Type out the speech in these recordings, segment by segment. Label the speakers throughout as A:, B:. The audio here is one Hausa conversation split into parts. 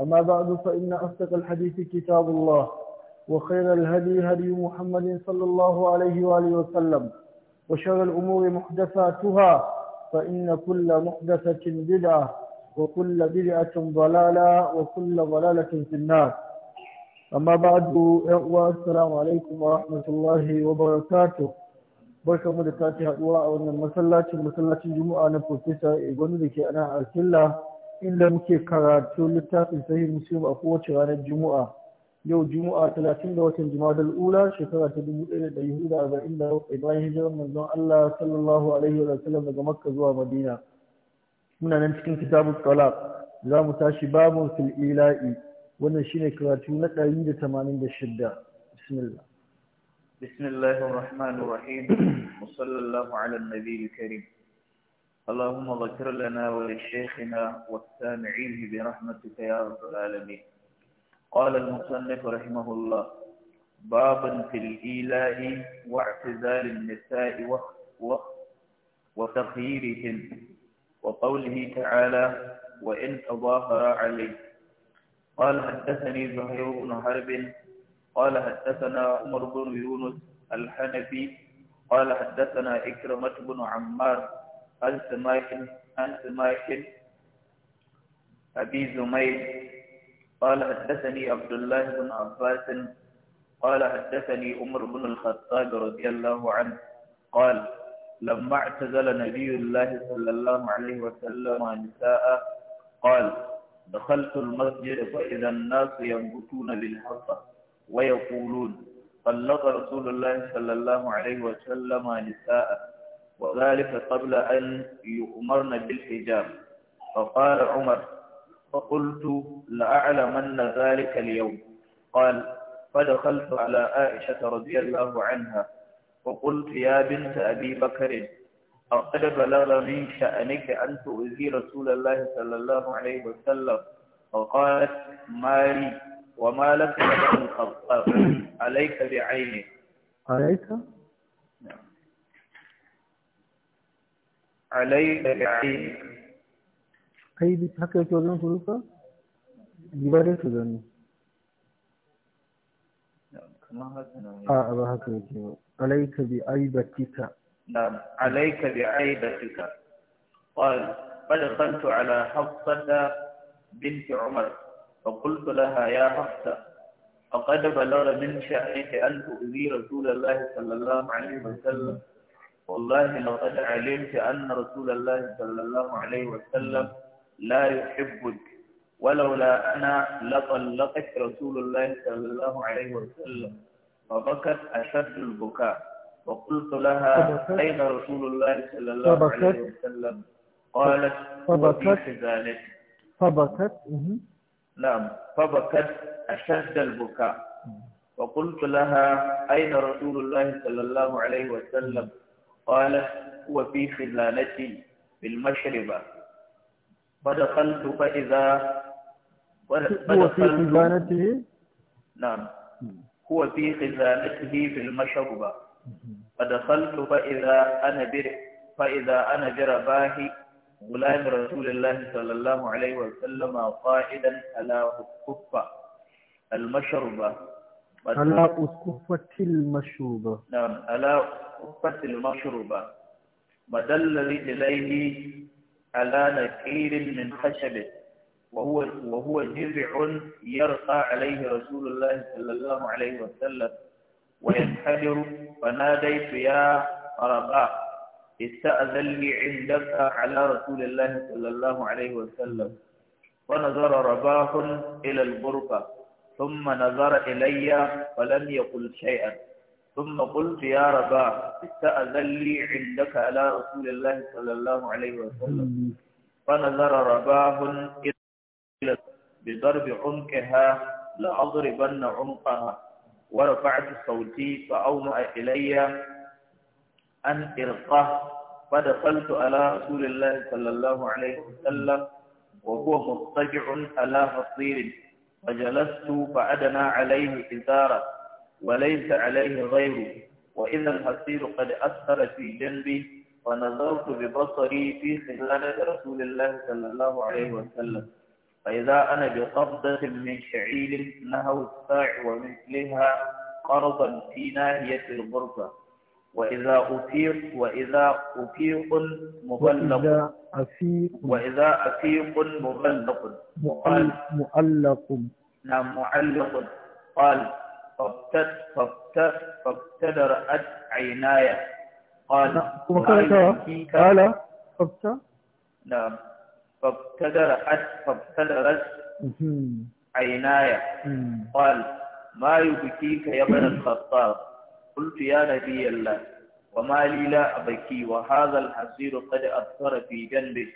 A: أما بعد فإن أصدق الحديث كتاب الله وخير الهدي هدي محمد صلى الله عليه وآله وسلم وشر الأمور محدثاتها فإن كل محدثة بدعة وكل بدعة ضلالة وكل ضلالة في النار أما بعد السلام عليكم ورحمة الله وبركاته barka mu da sake haduwa a wannan masallacin masallacin juma'a na professor igwanu da ke ana alkilla inda muke karatu littafin sahih muslim a kowace ranar juma'a yau juma'a talatin da watan jumadal ula shekara ta dubu ɗaya da da arba'in 1447 bayan hijirar manzon Allah sallallahu alaihi wa sallam daga makka zuwa madina muna nan cikin kitabun talaq za mu tashi babun fil ila'i wannan shine karatu na ɗari da 186 bismillah
B: بسم الله الرحمن الرحيم وصلى الله على النبي الكريم اللهم ذكر لنا ولشيخنا والسامعين برحمتك يا رب العالمين قال المصنف رحمه الله باب في الإيلاء واعتزال النساء وتخييرهم وقوله تعالى وإن تظاهر عليه قال حدثني زهير بن حرب قال حدثنا عمر بن يونس الحنفي قال حدثنا إكرمة بن عمار عن سماك عن سماك أبي زميل قال حدثني عبد الله بن عباس قال حدثني عمر بن الخطاب رضي الله عنه قال لما اعتزل نبي الله صلى الله عليه وسلم نساء قال دخلت المسجد فإذا الناس ينبتون بالحصى ويقولون طلق رسول الله صلى الله عليه وسلم نساء وذلك قبل أن يؤمرن بالحجاب فقال عمر فقلت لأعلمن ذلك اليوم قال فدخلت على عائشة رضي الله عنها وقلت يا بنت أبي بكر أقد بلغ من شأنك أن تؤذي رسول الله صلى الله عليه وسلم فقالت ما لي وما لك الخطاب عليك بعينك عليك علي عليك بعيبتك آه، عليك بعيبتك نعم، قال فدخلت على حفصة بنت عمر فقلت لها يا حفصة فقد بلغ من شأنك أن تؤذي رسول الله صلى الله عليه وسلم والله لقد علمت أن رسول الله صلى الله عليه وسلم لا يحبك ولولا أنا لطلقت رسول الله صلى الله عليه وسلم فبكت أشد البكاء وقلت لها أين رسول الله صلى الله عليه وسلم قالت فبكت ذلك فبكت نعم فبكت أشد البكاء وقلت لها أين رسول الله صلى الله عليه وسلم قال وفي خلالتي بالمشربة فدخلت فإذا هو في
A: خزانته
B: نعم هو في خزانته في المشربة فدخلت فإذا أنا بر فإذا أنا برباه غلام رسول الله صلى الله عليه وسلم قائدا على أسقفة المشربة على
A: أسقفة المشروبة
B: نعم على fasil mashruba madallali ilayhi ala naqirin min khashab wa huwa wa huwa jiz'un yarqa alayhi rasulullah sallallahu alayhi wa sallam wa yanhadiru fanadaytu ya araba استأذن لي عندك على رسول الله صلى الله عليه وسلم فنظر رباح إلى البرقة ثم نظر إلي ولم يقل شيئا ثم قلت يا رباح استأذن لي عندك على رسول الله صلى الله عليه وسلم فنظر رباح إلى بضرب عنقها لأضربن عنقها ورفعت صوتي فأومأ إلي أن إرقه فدخلت على رسول الله صلى الله عليه وسلم وهو مضطجع على حصير فجلست فأدنى عليه إزاره وليس عليه غيره وإذا الحصير قد أثر في جنبي ونظرت ببصري في خزانة رسول الله صلى الله عليه وسلم فإذا أنا بقبضة من شعير نهو الساع ومثلها قرضا في ناهية الغرفة وإذا أفيق وإذا أفيق
A: مغلق وإذا
B: أفيق مغلق
A: مؤلق
B: نعم معلق قال فابتدرت عيناي قال نعم، قال فابت نعم فابتدر فابتدرت عيناي قال ما يبكيك يا ابن الخطاب قلت يا نبي الله وما لي لا أبكي وهذا الحصير قد أثر في جنبك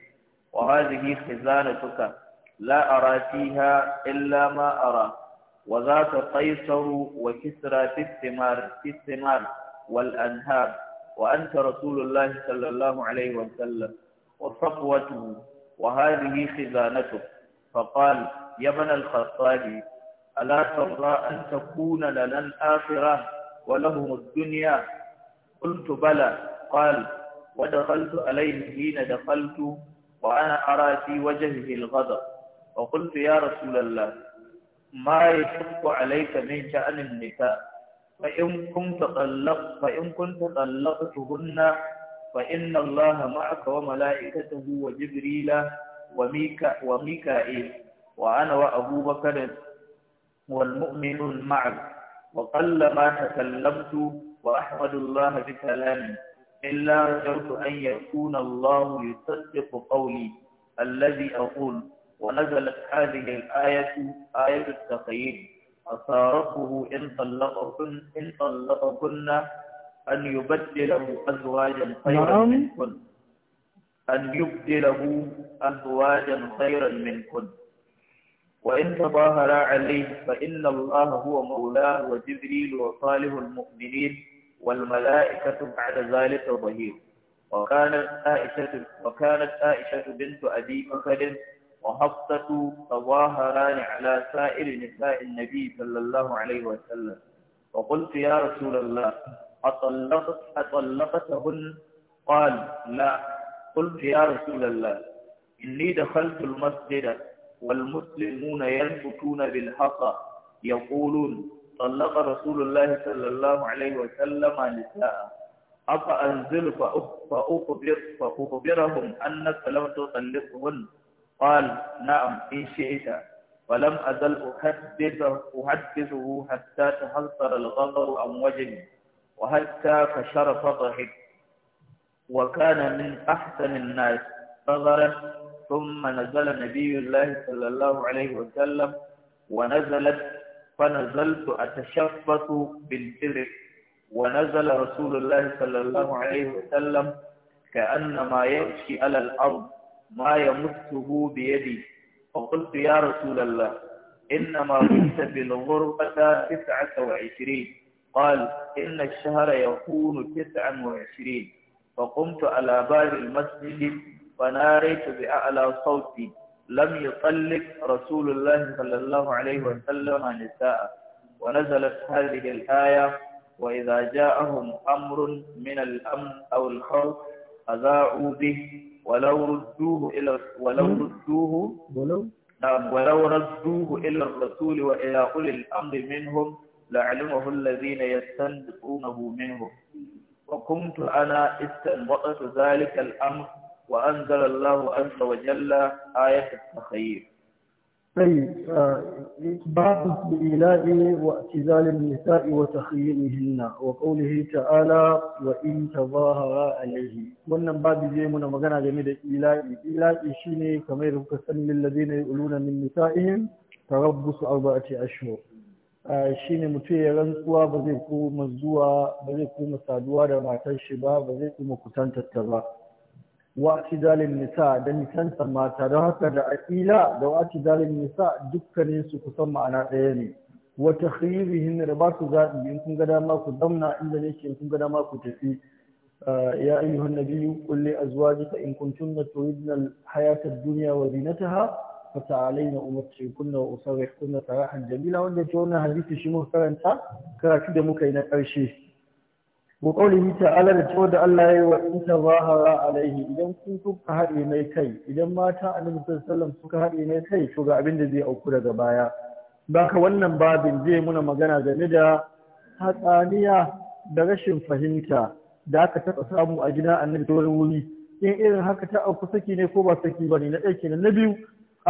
B: وهذه خزانتك لا أرى فيها إلا ما أرى وذات قيصر وكسرى في الثمار في الثمار والأنهار وأنت رسول الله صلى الله عليه وسلم وصفوته وهذه خزانته فقال يا ابن الخطاب ألا ترضى أن تكون لنا الآخرة ولهم الدنيا قلت بلى قال ودخلت عليه حين دخلت وأنا أرى في وجهه الغضب وقلت يا رسول الله ma yashuqqu alayka min sha'ni an-nisa fa in kunta tallaq fa in inna Allaha ma'aka wa malaa'ikatahu wa jibriila wa wa mika'il wa ana wa Abu Bakr wal mu'minu ma'a wa qalla ma tasallamtu wa ahmadu Allaha bi kalami illa rajautu an yakuna Allahu yusaddiqu qawli alladhi ونزلت هذه الآية آية التقييد عسى إن طلقكن إن طلقكن أن يبدله أزواجا خيرا نعم. منكن أن يبدله أزواجا خيرا منكن وإن تظاهر عليه فإن الله هو مولاه وجبريل وصالح المؤمنين والملائكة بعد ذلك ظهير وكانت عائشة وكانت عائشة بنت أبي بكر وحفصة تظاهران على سائر نساء النبي صلى الله عليه وسلم وقلت يا رسول الله أطلقت أطلقتهن قال لا قلت يا رسول الله إني دخلت المسجد والمسلمون ينبتون بالحصى يقولون طلق رسول الله صلى الله عليه وسلم نساء أفأنزل فأخبر فأخبرهم أنك لم تطلقهن قال نعم إن شئت ولم أزل أحدثه, أحدثه حتى تهذر الغضب عن وجهي وحتى فشر فضحك وكان من أحسن الناس نظرا ثم نزل نبي الله صلى الله عليه وسلم ونزلت فنزلت أتشفت بالجرح ونزل رسول الله صلى الله عليه وسلم كأنما يمشي على الأرض ما يمسه بيدي فقلت يا رسول الله إنما كنت في الغربة تسعة وعشرين قال إن الشهر يكون تسعا وعشرين فقمت على باب المسجد فناريت بأعلى صوتي لم يطلق رسول الله صلى الله عليه وسلم نساء ونزلت هذه الآية وإذا جاءهم أمر من الأمن أو الخوف أذاعوا به ولو ردوه إلى ولو ردوه ولو ولو ردوه إلى الرسول وإلى أولي الأمر منهم لعلمه الذين يستنبطونه منهم وكنت أنا استنبطت ذلك الأمر وأنزل الله عز وجل آية التخيير
A: أي باب الإناء واعتزال النساء وتخييمهن وقوله wa وإن تظاهر عليه wannan babu zai muna magana game da ila'i ila'i shine kamar da kuka sani lillazina yuluna min nisa'ihim tarabbusu arba'ati ashhur shine mutum ya rantsuwa ba zai koma zuwa ba zai koma saduwa da matar shi ba ba zai koma kusantar ta ba wa dalil nisa da nisantar mata da haka da aƙila da wa dalil nisa dukkanin su kusan ma'ana ɗaya ne Wata takhirihin da ba su zaɓi in kun ga dama ku zamna inda ne ke kun ga dama ku tafi eh, ya biyu kulle a zuwa, jika in kun turidna al-hayata hayatar duniya wa zinataha fa ta'alayna umattikunna wa usarrihkunna sarahan jamila wanda ta wannan hadisi shi muka karanta karatu da muka yi na ƙarshe wa qawlihi ta'ala da cewa da Allah ya wa in tazahara alaihi idan kun kuka haɗe mai kai idan mata annabi sallallahu suka haɗe mai kai to ga abin da zai auku daga baya baka wannan babin zai muna magana game da hatsaniya da rashin fahimta da aka taɓa samu a gida annabi ta wuri in irin haka ta auku saki ne ko ba saki ba ne na ɗaya kenan na biyu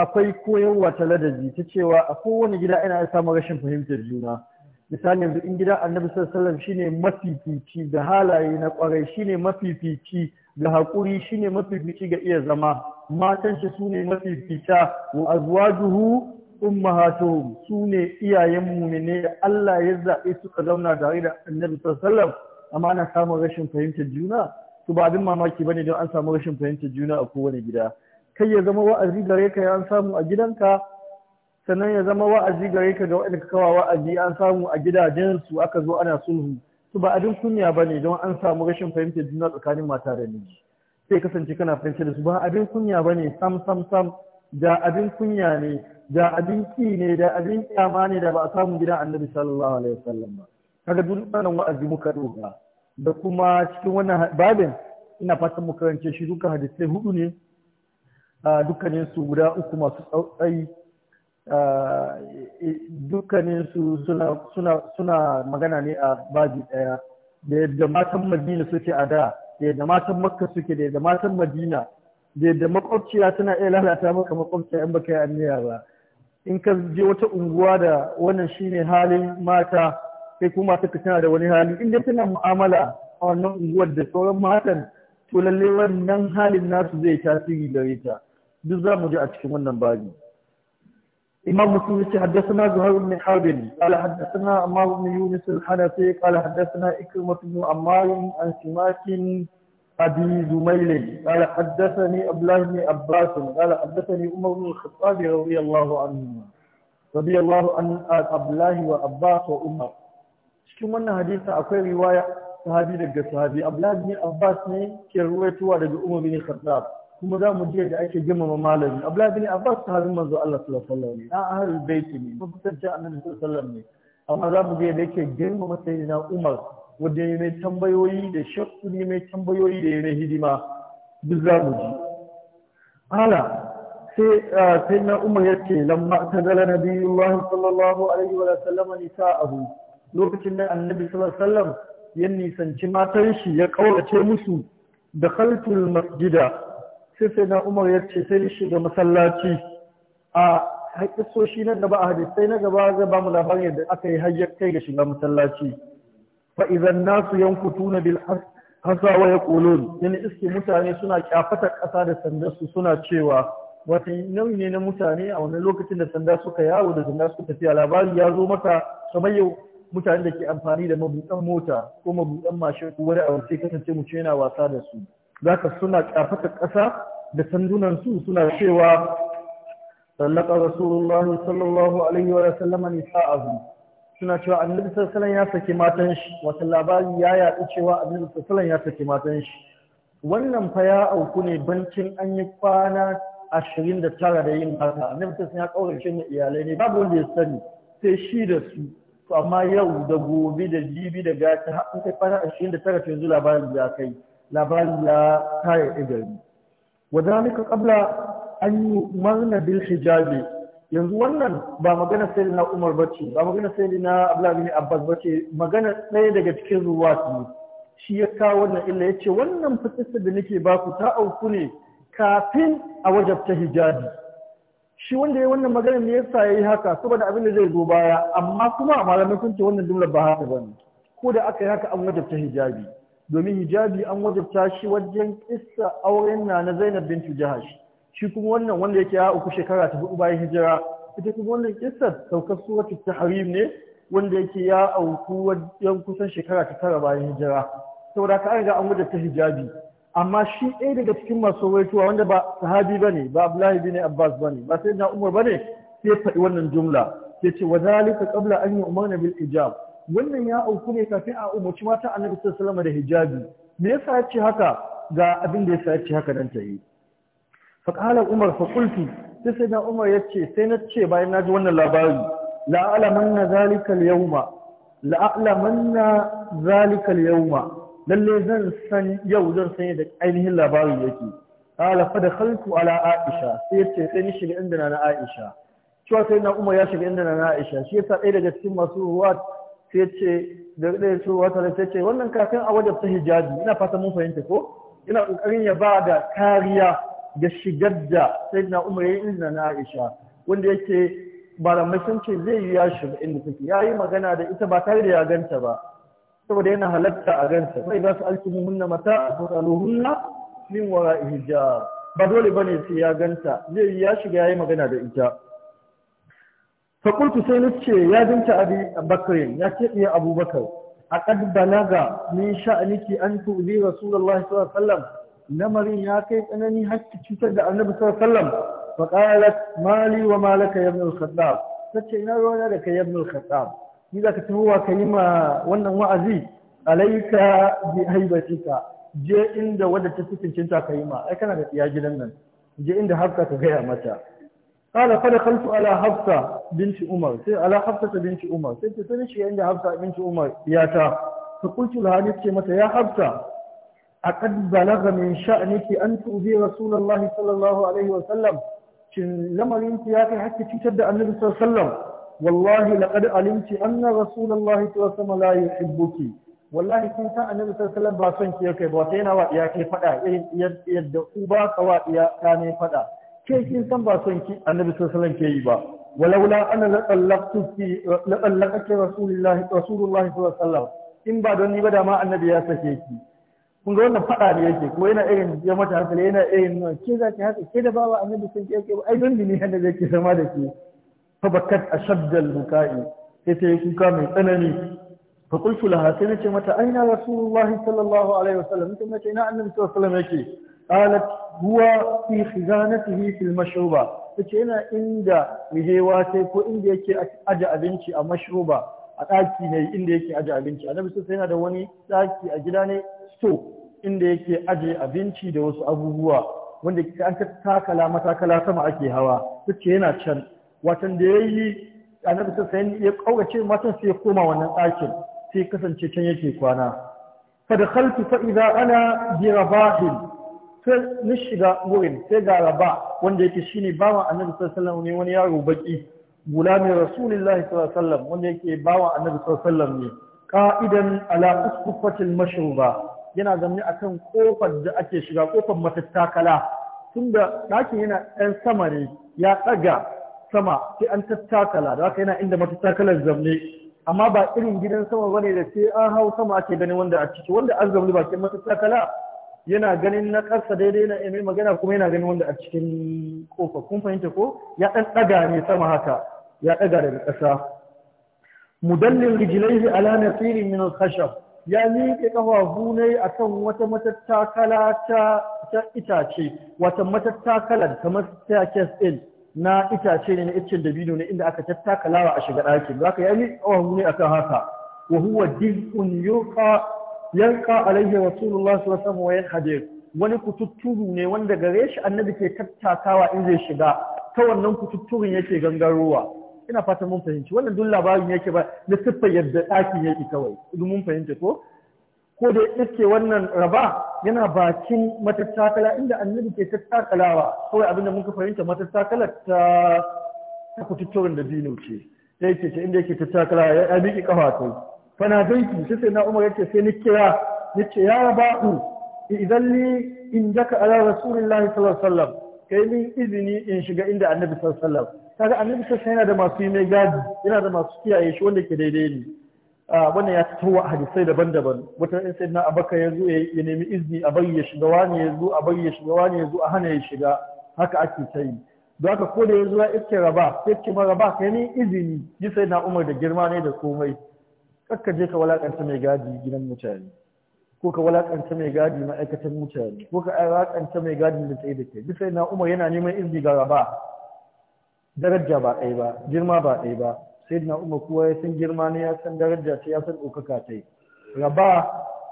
A: akwai koyarwa wata ladabi ta cewa a kowane gida ina samun rashin fahimtar juna misali yanzu in gidan annabi sallallahu alaihi shine mafifici Da halaye na kwarai shine mafifici ga hakuri shine mafifici ga iya zama matan shi sune mafifica wa azwajuhu ummahatuhum sune iyayen mu'mine Allah ya zabe suka zauna tare da annabi sallallahu amma ana samun rashin fahimtar juna to ba abin mamaki bane don an samu rashin fahimtar juna a kowane gida kai ya zama wa'azi gare ka ya an samu a gidanka sannan ya zama wa'azi gare ka ga waɗanda kawa wa'azi an samu a gidajensu aka zo ana sulhu Su ba abin kunya ba ne don an samu rashin fahimtar juna tsakanin mata da miji sai kasance kana fahimtar da su ba abin kunya ba ne sam sam sam da abin kunya ne da abin ki ne da abin kyama ne da ba a samu gidan annabi sallallahu alaihi wasallam ba kaga duk wannan wa'azi muka doka da kuma cikin wannan babin ina fatan mu karance shi duka hadisai hudu ne ah, dukkanin guda uku masu tsautsayi Eh, dukkaninsu suna magana ne a babi ɗaya da yadda matan madina suke a da da yadda matan makka suke da yadda matan madina da yadda makwabciya tana iya lalata maka makwabciya yan baka yi anniya ba in ka je wata unguwa da wannan shine halin mata sai kuma suka tana da wani hali inda tana mu'amala a wannan unguwar da sauran matan to lalle wannan halin nasu zai tasiri gare ta duk za mu je a cikin wannan babi إمام مسلم حدثنا زهير بن حرب قال حدثنا عمار بن يونس الحنفي قال حدثنا إكرمة بن عمار عن سماك أبي زميل قال حدثني أبلاه بن عباس قال حدثني عمر بن الخطاب رضي الله عنهما رضي الله عن أبلاه وعباس وعمر شو من حديث أكوي رواية صحابي لك صحابي أبلاه بن عباس ne ke ruwaitowa daga Umar bin Khattab kuma za mu je da ake girmama malami abdullahi bin abbas sahabin manzo Allah sallallahu alaihi wasallam ne ahlul bait ne kuma ta annabi sallallahu alaihi wasallam ne amma za mu je da yake girmama sayyidina umar wanda ya mai tambayoyi da shakku ne mai tambayoyi da ya mai hidima duk za mu ji ala sai ah, sayyidina umar ya ce lamma ta tazala nabiyullahi sallallahu alaihi wa sallam nisa'ahu lokacin da annabi sallallahu alaihi wasallam ya nisanci matan shi ya kaurace musu da khaltul masjida sai sai na umar ya ce sai shiga masallaci a haƙisoshi na gaba a sai na gaba zai ba mu labarin yadda aka yi hajjar kai ga shiga masallaci fa idan nasu yankutuna bil hasa wa yaqulun yana iske mutane suna kyafata ƙasa da su suna cewa wata nau'i ne na mutane a wani lokacin da sanda suka yawo da sanda suka tafiya labari ya zo maka kamar yau mutane da ke amfani da mabuɗan mota ko mabuɗan mashin ko wani abu sai kasance mu yana wasa da su zaka suna kafata ƙasa da sandunansu suna cewa sallaka rasulullah sallallahu alaihi wa sallama sa'ahu suna cewa annabi sallallahu ya saki matan shi wata labari ya yaɗu cewa annabi sallallahu ya saki matan shi wannan fa ya auku ne bancin an yi kwana ashirin da tara da yin haka annabi sallallahu ya shi ne iyalai ne babu wanda ya sani sai shi da su to amma yau da gobe da jibi da gata har kai kwana ashirin da tara to yanzu labarin ya kai labarin ya kare igari وذلك قبل أن يؤمرن بالحجاب yanzu wannan ba magana sai na Umar bace ba magana sai na Abdullah bin Abbas bace magana ɗaya daga cikin ruwa ruwatu shi ya kawo wannan illa yace wannan fitissa da nake ba ku ta auku ne kafin a wajabta hijabi shi wanda ya wannan magana ne yasa yayi haka saboda abin da zai zo baya amma kuma malamai sun ce wannan jumla ba haka bane ko da aka yi haka an wajabta hijabi domin hijabi an wajabta shi wajen kissa auren na na Zainab bin Jahash shi kuma wannan wanda yake ya uku shekara ta hudu bayan hijira ita kuma wannan kissar saukar suratul tahrim ne wanda yake ya auku wajen kusan shekara ta tara bayan hijira saboda ka ga an wajabta hijabi amma shi ɗaya daga cikin masu waituwa wanda ba sahabi ne ba Abdullahi bin Abbas ne. ba sai na Umar ne? sai faɗi wannan jumla ce wa zalika qabla an yu'mana bil ijab wannan ya auku ne kafin a umarci mata annabi sallallahu da hijabi me yasa ya ce haka ga abin da yasa ya ce haka dan ta yi fa qala umar fa qultu sai sai na umar ya ce sai na ce bayan na ji wannan labari la alamanna zalika al-yawma la alamanna zalika al-yawma lalle zan san yau zan san da ainihin labarin yake qala fa dakhaltu ala aisha sai ya ce sai ni shiga inda na aisha cewa sai na umar ya shiga inda na aisha shi yasa ɗaya daga cikin masu ruwa sai ce da ɗaya su wata da sai ce wannan kafin a wajen ta hijabi ina fata mun fahimta ko ina ƙoƙarin ya ba da kariya ga shigar da sai na umar ya inda na aisha wanda yake malamai da mashinci zai yi ya shiga inda take ya yi magana da ita ba tare da ya ganta ba saboda yana halatta a ganta mai ba su alkimu hunna mata ko aluhunna min wara hijab ba dole ba ne sai ya ganta zai yi ya shiga ya yi magana da ita fakultu sai na ce ya binta abi bakarin ya ce ɗiya abubakar a ƙad balaga min sha'aniki an tuzi rasulullah sallallahu alaihi wasallam lamarin ya kai tsanani hakki cutar da annabi sallallahu alaihi wasallam fa mali wa malaka ya ibn al-khattab tace ina ruwana da kai ibn al-khattab ni zaka ka yi ma wannan wa'azi alaika bi haibatika je inda wadda ta ka yi ma ai kana da tsiya gidan nan je inda hafka ka gaya mata kala kada kan su ala hafsa binci umar sai ala hafsa ta binci umar sai ta sani shi yadda hafsa binci umar ya ta ta kulci lahani ce mata ya hafsa a kad balaga min sha'ani ki an tubi rasulullahi sallallahu alaihi wa sallam shin lamarin ki ya kai hakki cutar da annabi sallallahu alaihi wa sallam wallahi laqad alimti anna rasulullahi sallallahu alaihi wa sallam la yuhibbuki wallahi kin san annabi sallallahu alaihi wa sallam ba son ki ya kai ba sai na wa iya kai faɗa. irin yadda ku ba ka wa iya kane ke kin san ba son ki annabi sallallahu ke yi ba walaula ana la tallaqtu fi la tallaqaka rasulullahi rasulullahi sallallahu alaihi wasallam in ba don ni ba da ma annabi ya sake ki kun ga wannan fada ne yake kuma yana irin ya mata hankali yana irin nuna ke za ki haka ke da bawa annabi sun ki yake ai don ni annabi ke? Sama da ke fa bakkat ashaddal bukai sai ta yi kuka mai tsanani fa qultu laha sai ce mata aina rasulullahi sallallahu alaihi wasallam ita nace ina annabi sallallahu alaihi wasallam yake qalat huwa fi khizanatihi fil mashruba yace yana inda mihewa sai ko inda yake aje abinci a mashruba a daki ne inda yake aje abinci annabi sai yana da wani daki a gida ne so inda yake aje abinci da wasu abubuwa wanda an takala matakala sama ake hawa yace yana can watan da yayi annabi sai ya kaurace matan sai ya koma wannan ɗakin sai kasance can yake kwana fa fa idza ana bi rabahin sai na shiga wurin sai ga raba wanda yake shine bawa annabi sallallahu alaihi wani yaro baki gulamin rasulullahi sallallahu alaihi wasallam wanda yake bawa annabi sallallahu alaihi wasallam ne qa'idan ala usfatil mashruba yana zamne akan kofar da ake shiga kofar matattakala tunda ɗakin yana ɗan sama ne ya ɗaga sama sai an tattakala da haka yana inda matattakalar zamne amma ba irin gidan sama bane da sai an hau sama ake ganin wanda a ciki wanda an zamne ba matattakala yana ganin na ƙasa daidai na mai magana kuma yana ganin wanda a cikin ƙofa kun fahimta ko ya ɗan ɗaga ne sama haka ya ɗaga daga ƙasa mudallin rijilaihi ala nasirin min al-khashab ya miƙe ƙafafu ne akan wata matattakala ta itace wata matattakala. kamar staircase din na itace ne na iccen dabino ne inda aka tattakalawa a shiga ɗakin zaka ya miƙe ƙafafu ne akan haka wa huwa dil'un yanka alaihi rasulullah sallallahu alaihi wasallam wa yanhadir wani kututturu ne wanda gare shi annabi ke tattakawa in zai shiga ta wannan kututturun yake gangarowa ina fata mun fahimci wannan duk labarin yake ba na siffa yadda ɗakin yake kawai idan mun fahimta ko ko da yake wannan raba yana bakin matattakala inda annabi ke tattakalawa kawai abinda ka fahimta matattakala ta ta da dino ce da yake ce inda yake tattakala ya miƙe kafa kwana danki sai sai na umar yace sai ni kira ce ya ba'u idan ni in jaka ala rasulullahi sallallahu alaihi wasallam kai min izini in shiga inda annabi sallallahu alaihi wasallam kaga annabi sallallahu yana da masu mai gadi yana da masu kiyaye shi wanda ke daidai ne wannan ya fito a hadisai daban-daban wata in sai na abaka ya zo ya nemi izini a bari ya shiga wani ya zo a bari ya shiga wani ya zo a hana ya shiga haka ake ta yi don haka ko da ya zo ya iske raba sai kuma raba kai ne izini ji sai na umar da girma ne da komai kakka je ka walakanta mai gadi gidan mutane ko ka walakanta mai gadi ma'aikatan mutane ko ka walakanta mai gadi da tsaye da kai bisa na umar yana neman izini ga Raba. daraja ba ɗaya ba girma ba ɗaya ba sai na umar kowa ya san girma ne ya san daraja ce ya san ɗaukaka ka yi raba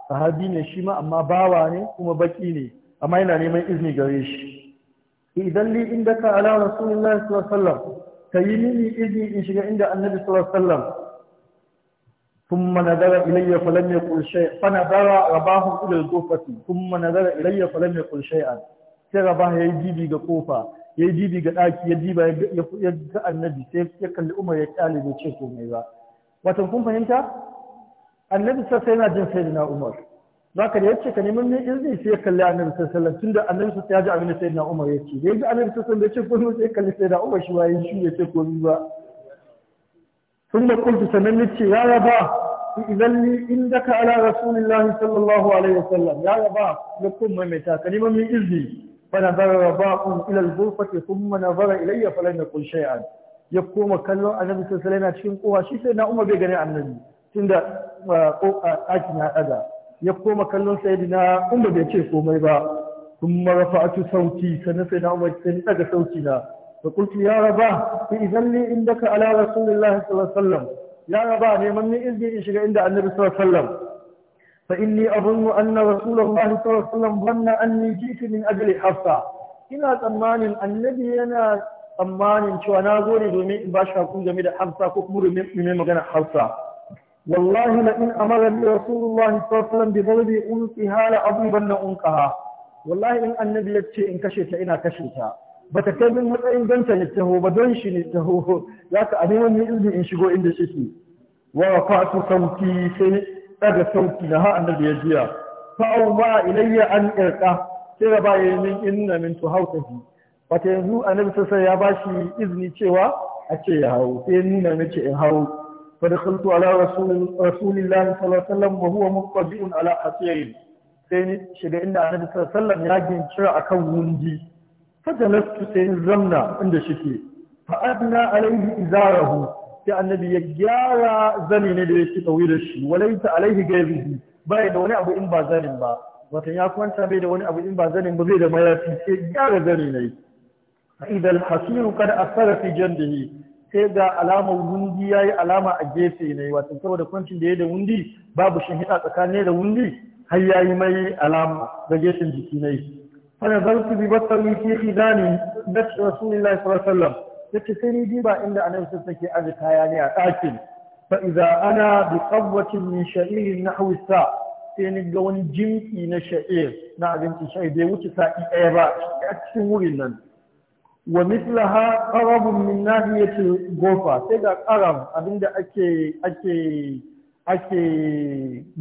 A: sahabi ne shi ma amma bawa ne kuma baki ne amma yana neman izini gare shi idan li inda ka ala rasulullahi sallallahu alaihi wasallam ka yi mini izini in shiga inda annabi sallallahu alaihi wasallam ثم نظر إلي فلم يقل شيئا فنظر رباه إلى الكوفة ثم نظر إلي فلم يقل شيئا sai raba ya yi jibi ga kofa ya yi jibi ga ɗaki ya jiba ya ga annabi sai ya kalli umar ya kyale bai ce komai ba watan kun fahimta annabi sai yana jin sai na umar za ka da ya ce ka neman mai izini sai ya kalli annabi sai sallam tun da annabi sai ya ji abin da sai umar ya ce da ya ji annabi sai sallam ya ce komai sai ya kalli sai umar shi ba ya shi ya ce komai ba ثم قلت سننت يا يبا إذني عندك على رسول الله صلى الله عليه وسلم يا يبا لكم ممتا كلمة من إذني فنظر رباء إلى الغرفة ثم نظر إلي فلم يقل شيئا يقوم كلو النبي صلى cikin kowa shi sai na umar bai gani annabi tunda ɗakin ya ɗaga ya koma kallon sayyidina umar bai ce komai ba kuma rafa'atu sauti sannan sai na umar sai ni ɗaga sauti na فقلت يا رباه إذن لي عندك على رسول الله صلى الله عليه وسلم يا رباه من إذني إشك عند النبي صلى الله عليه وسلم فإني أظن أن رسول الله صلى الله عليه وسلم ظن أني جئت من أجل حفصة إلى ثمان النبي أنا ثمان شو أنا أقول دومي باشا أكون جميل حفصة كمور من مكان حفصة والله لئن أمرني رسول الله صلى الله عليه وسلم بضرب أنقها لأضربن أنقها والله إن النبي يتشي إن كشفت إن كشفت ba ta kai matsayin ganta ne taho ba don shi ne taho za ka abin wani izini in shigo inda shi wa waqatu sauti sai daga sauti na ha da ya jiya fa awwa ilayya an irqa sai ga ba yayin inna min tuhawtahi ta yanzu annabi sai ya bashi izini cewa a ce ya hawo sai nuna mace in hawo fa dakhaltu ala rasulillahi sallallahu alaihi wasallam wa huwa muqaddimun ala hasirin sai ni shiga inda annabi sallallahu alaihi wasallam ya gincira akan wundi fajalastu sai in zamna inda shike fa adna alaihi izarahu sai annabi ya gyara zani ne da yake ci da shi walaita alaihi gairihi bai da wani abu in ba zanin ba wata ya kwanta bai da wani abu in ba zanin ba zai da mayafi sai gyara zani ne fa idan hasiru kada asara fi jandihi sai ga alama wundi yayi alama a gefe ne wato saboda kwancin da ya da wundi babu shin hita tsakanin da wundi har yayi mai alama ga gefen jiki ne ونظرت ببطري في خداني بس رسول الله صلى الله عليه وسلم تكسري ديبا إلا أنا ɗakin. أجد هياني أعكل فإذا أنا بقوة من شعير نحو الساعة sai ni ga wani jimki na sha'ir na abincin sha'ir bai wuce sa'i ɗaya ba a cikin wurin nan wa mislaha qarabun min nahiyatil gofa sai ga qaram abinda ake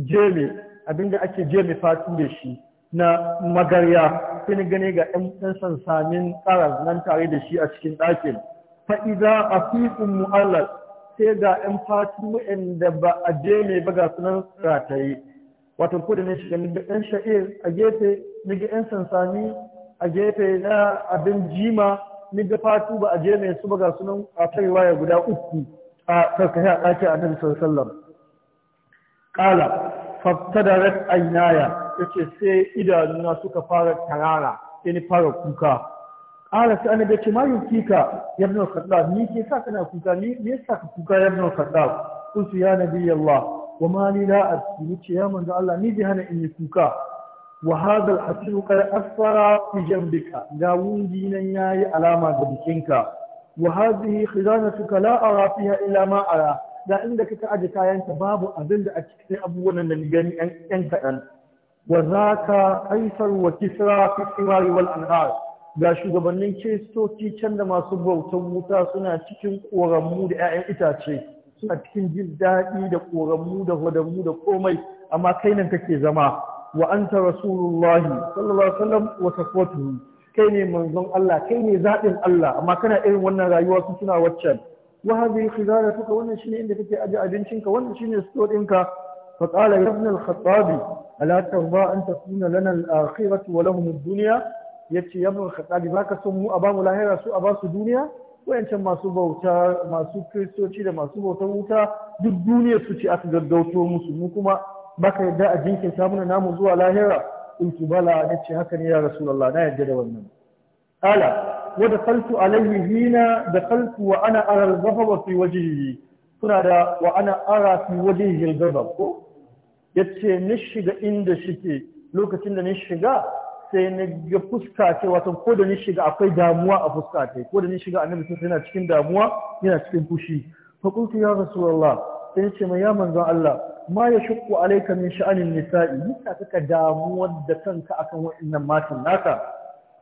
A: jeme ake da shi na magarya sai na gane ga ɗan sansanin ƙarar nan tare da shi a cikin ɗakin za a fiƙin mu'allar sai ga ‘yan fatin da ba a je ne ba ga sunan rataye wato ko da shi shiga ga ɗan sha'ir a gefe na ga ‘yan sansani a gefe na abin jima ni ga fatu ba a je ne su ba ga sunan a tarewa ya guda uku a karkashi a ɗakin annabi sallallahu alaihi wasallam yi na aynaya ta ce sai idanuna suka fara tarara sai ni fara kuka ƙara sai annabi ce ma yuki ka ni ke sa kana kuka ni me yasa ka kuka ya ibn al-khattab ya nabi Allah wa ma ni la asbi ce ya manzo Allah ni bi hana in yi kuka wa hadha al qad asfara fi jambika ga wundi nan yayi alama ga bikinka wa hadhihi khizanatuka la ara fiha illa ma ara da inda kika aje kayanka babu abin da a cikin abubuwan da ni gani yan kaɗan wa zaka haifar wa kisra fi wal ga shugabannin kiristoci can da masu bautan wuta suna cikin koranmu da 'ya'yan itace suna cikin jin daɗi da koranmu da hodanmu da komai amma kai nan kake zama wa anta rasulullahi sallallahu alaihi sallam wa kai ne manzon Allah kai ne zaɓin Allah amma kana irin wannan rayuwa su suna waccan wa hadhihi khizaratuka wannan shine inda kake aje abincinka wannan shine store ɗinka فقال يا ابن الخطاب ألا ترضى أن تكون لنا الآخرة ولهم الدنيا yace ya bin khatsabi baka son mu a ba mu lahira su a ba duniya wayancan masu bauta masu kristoci da masu bautar wuta duk duniya su ce aka gaggauto musu mu kuma baka yadda a jinkinta mana namu zuwa lahira qultu bala nace haka ne ya rasulullah na yadda da wannan ala wa kaltu alayhi hina dakhaltu wa ana ara al-ghadab fi wajhihi kuna da wa ana ara fi wajhihi al-ghadab ko ya ce ni shiga inda shike lokacin da ni shiga sai na ga fuska ce wato ko da ni shiga akwai damuwa a fuska ce ko da ni shiga annabi sai yana cikin damuwa yana cikin fushi fa qultu ya rasulullah sai ya ce mai ya manzon Allah ma ya shukku alayka min sha'anin nisa'i yasa kaka damuwa da kanka akan wa'annan matan naka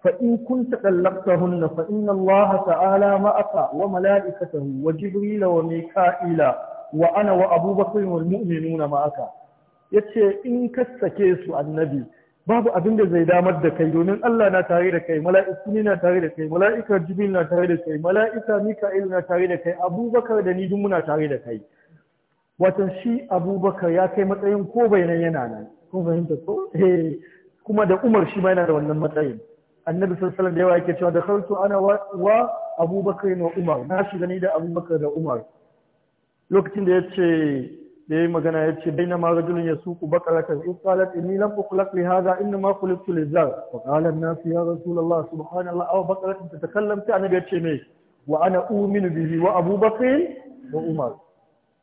A: فإن كنت wa فإن wa تعالى معك وملائكته wa وميكائيل wa وأبو بكر muminuna ma'aka ya ce in ka sake su annabi babu abin da zai damar da kai domin Allah na tare da kai mala'iku na tare da kai mala'ikar jibril na tare da kai mala'ika mika'il na tare da kai abubakar da ni duk muna tare da kai wato shi abubakar ya kai matsayin ko bayanan yana nan kun fahimta ko eh, kuma da umar shi ma yana da wannan matsayin annabi sallallahu alaihi wasallam yake cewa da khartu ana wa abubakar na umar na shiga ni da abubakar da umar lokacin da ya ce da yayi magana ya ce baina ma rajulun yasuqu baqalata in qalat inni lam ukhlaq li hadha inna ma khuliqtu lizar wa qala an-nas ya rasulullah subhanallah aw baqalat tatakallam ta ta annabi ya ce me wa ana uminu bihi wa abubakar wa umar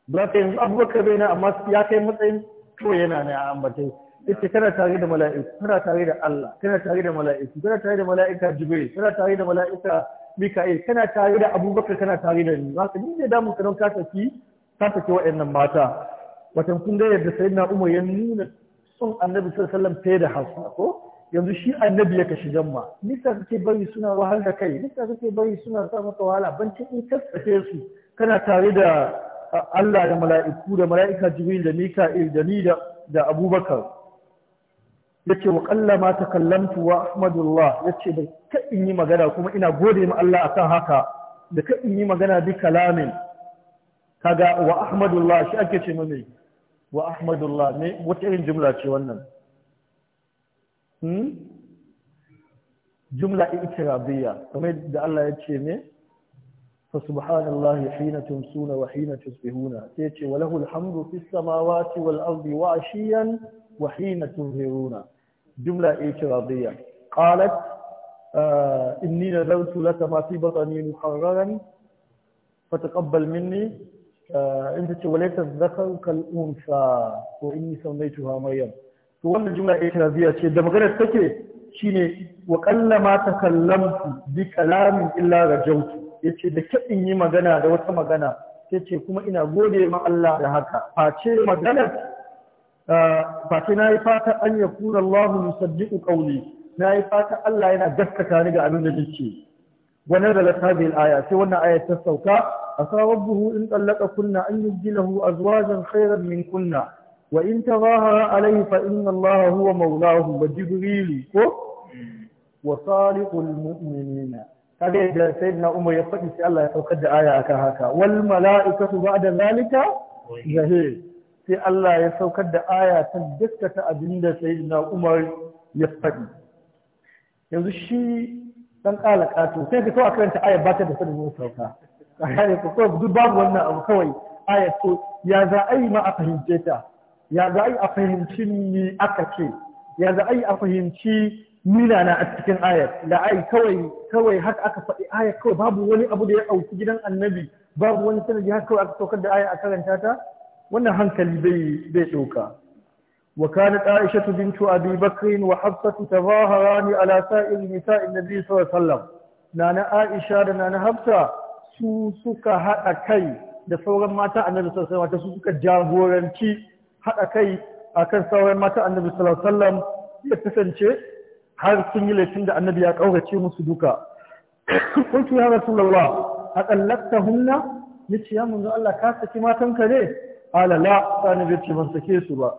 A: ba yanzu abubakar bai na amma ya kai matsayin to yana na ya ambatai ita kana tare da mala'iku kana tare da Allah kana tare da mala'iku kana tare da mala'ika jibril kana tare da mala'ika mika'il kana tare da abubakar kana tare da ni ba ka dinga damu ka don ka saki ka saki waɗannan mata watan kun ga yadda sayyidina Umar ya nuna son Annabi sallallahu alaihi wasallam fiye da Hafsa ko yanzu shi Annabi ya kashi jamma nisa kake bari suna wahal da kai nisa kake bari suna sa maka wahala bancin in kasace su kana tare da Allah da mala'iku da mala'ika Jibril da Mika'il da ni da Abubakar yace wa qalla ma takallamtu wa ahmadullah yace da ka in yi magana kuma ina gode ma Allah akan haka da ka in yi magana bi kalamin kaga wa ahmadullah shi ake ce mai واحمد الله متين جمله شي ونن جمله اعترابيه كما ده الله يتشي مي فسبحان الله حين تمسون وحين تصبحون تيتشي وله الحمد في السماوات والارض وعشيا وحين تظهرون جمله اعترابيه قالت آه، اني نذرت لك ما في بطني محررا فتقبل مني in ta ce walaita zakan kal'unsa ko in yi saunai tuha maryam to wannan jumla ya biya ce da maganar take shine wa kallama ta kallamtu bi kalamin illa Ya ce da kaɗin yi magana da wata magana Ya ce kuma ina gode ma Allah da haka face maganar face na yi fata an ya kura Allah musaddiqu qawli na yi fata Allah yana gaskata ni ga abin da nake wannan da lasabil aya sai wannan aya ta sauka عسى ربه إن طلقكن أن يبدله أزواجا خيرا منكن وإن تظاهر عليه فإن الله هو مولاه وجبريل وصالح المؤمنين kaga yadda sayyidina Umar ya faɗi sai Allah ya saukar da aya akan haka wal mala'ikatu ba'da zalika zahir sai Allah ya saukar da aya ta abinda sayyidina Umar ya faɗi yanzu shi dan kala kato sai ka kawo karanta aya ba ta da sanin sauka a kare ku kawai duk babu wannan abu kawai aya so ya za a yi ma a fahimce ta ya za a yi a fahimci ni aka ce ya za a yi a fahimci nuna na a cikin ayat da ai kawai kawai haka aka faɗi ayat kawai babu wani abu da ya auki gidan annabi babu wani sanadi haka kawai aka saukar da ayat a karanta ta wannan hankali bai bai ɗauka وكانت عائشة بنت أبي بكر وحفصة تظاهران على سائر نساء النبي صلى الله عليه وسلم نانا عائشة نانا حفصة su suka haɗa kai da sauran mata annabi sallallahu alaihi wasallam su suka jagoranci haɗa kai akan sauran mata annabi sallallahu alaihi wasallam ya kasance har sun yi laifin da annabi ya kaurace musu duka kuntu ya rasulullah aqallaqtahunna yace ya manzo Allah ka saki matan ka ne ala la Sani bai ya ce ban sake su ba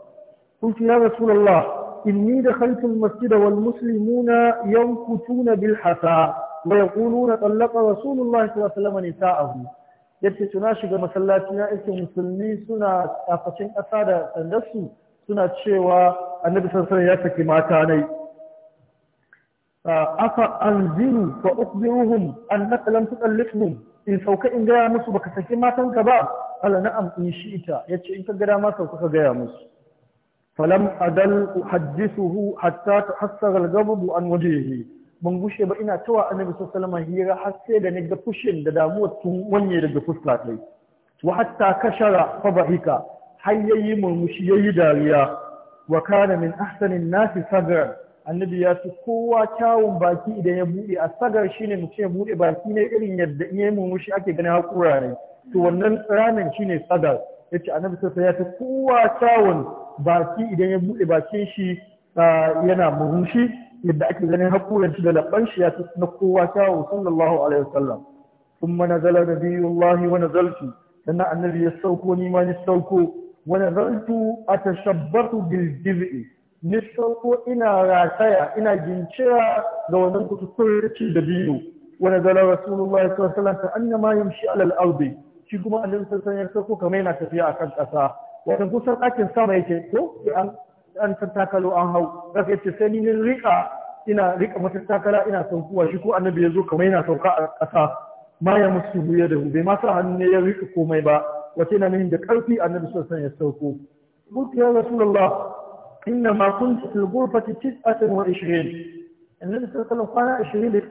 A: kuntu ya rasulullah إني دخلت المسجد والمسلمون ينكتون بالحساء ويقولون طلق رسول الله صلى الله عليه وسلم نساءه yace suna shiga masallaci na iske musulmi suna tsafacin ƙasa da sandarsu suna cewa annabi sansan ya saki mata nai afa anziru fa ukhbiruhum annaka lam tuqallifhum in sauka in gaya musu baka saki matanka ba ala na'am in shi'ita yace in ka gada ma sauka ka gaya musu falam adal uhaddisuhu hatta tahassara al-ghadab an wajhihi ban gushe ba ina tawa annabi sallallahu alaihi hira har sai da ga fushin da damuwar tun wanye daga fuska tai wa hatta kashara fa bahika har yayi murmushi yayi dariya wa kana min ahsanin nasi sagar annabi ya fi kowa kyawun baki idan ya buɗe a sagar shine mutum ya bude baki ne irin yadda in yayi murmushi ake ganin hakura ne to wannan ramin shine sagar yace annabi sai ya fi kowa kyawun baki idan ya buɗe bakin shi yana murushi yadda ake ganin hakuran shi da labban shi ya tafi na kowa kyawu sallallahu alaihi wasallam kuma nazala nabiyullahi wa nazaltu sannan annabi ya sauko ni ma ni sauko Wani wa nazaltu atashabbatu bil jiz'i ni sauko ina rataya ina gincira ga wannan kutukurci da biyu Wani zala, nazala rasulullahi sallallahu alaihi wasallam ma yamshi ala al-ardi shi kuma annabi sallallahu alaihi wasallam ya sauko kamar yana tafiya a kan ƙasa wadda kusan ɗakin sama yake ko an tattakalo an hau zaka yace sai ni rika ina rika matattakala ina saukuwa shi ko annabi ya zo kamar yana sauka a ƙasa ma ya musu huya da bai ma sa hannu ne ya rika komai ba wace na nuni da ƙarfi annabi san ya sauko قلت يا رسول الله إنما كنت في الغرفة تسعة وعشرين annabi sallallahu alaihi kwana ashirin da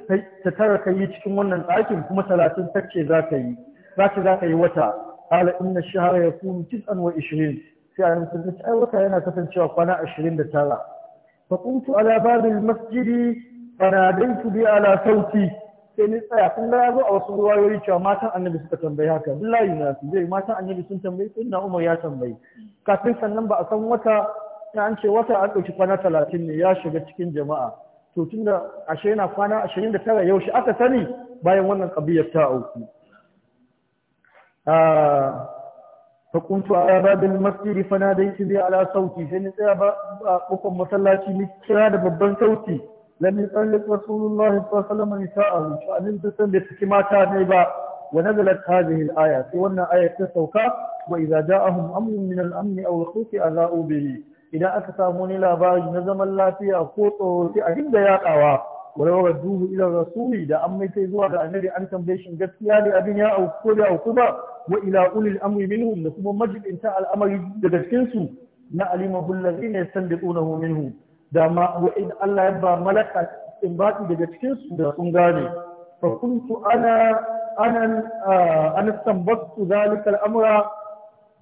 A: ta tara kai cikin wannan ɗakin kuma talatin tace za ka yi za za ka yi wata قال إن الشهر يكون 29 في عام سنة أول كان كفن شوقنا 20 ترى فقمت على باب المسجد فناديت بي على صوتي sai ni tsaya kun ga yazo a wasu ruwayoyi cewa matan annabi suka tambayi haka billahi na su zai matan annabi sun tambayi sai na umar ya tambayi kafin sannan ba a san wata ta an ce wata an ɗauki kwana talatin ne ya shiga cikin jama'a to tun da ashe yana kwana ashirin da tara yaushe aka sani bayan wannan ƙabiyar ta auku فكنت على باب المسجد فناديت بي على صوتي سنسى أقوم مسلاتي لكراد ببن صوتي لم يطلق رسول الله صلى الله عليه وسلم نساءه فأنم تسلت كما كان يبا ونزلت هذه الآية وأن آية تسوكا وإذا جاءهم أمر من الأمن أو الخوف أذاؤوا به إذا أكثر من لا باج نزم الله في أخوته في أجل يا walau radduhu ila rasuli da an mai sai zuwa ga annabi an tambaye shi gaskiya ne abin ya auku ko da auku ba wa ila ulil amri minhum da kuma majibinta al'amari daga cikin su na alimahu allazina yastanbiqunahu minhu da ma wa in Allah ya ba malaka istinbati daga cikin su da sun gane fa kuntu ana ana ana istanbattu zalika al'amra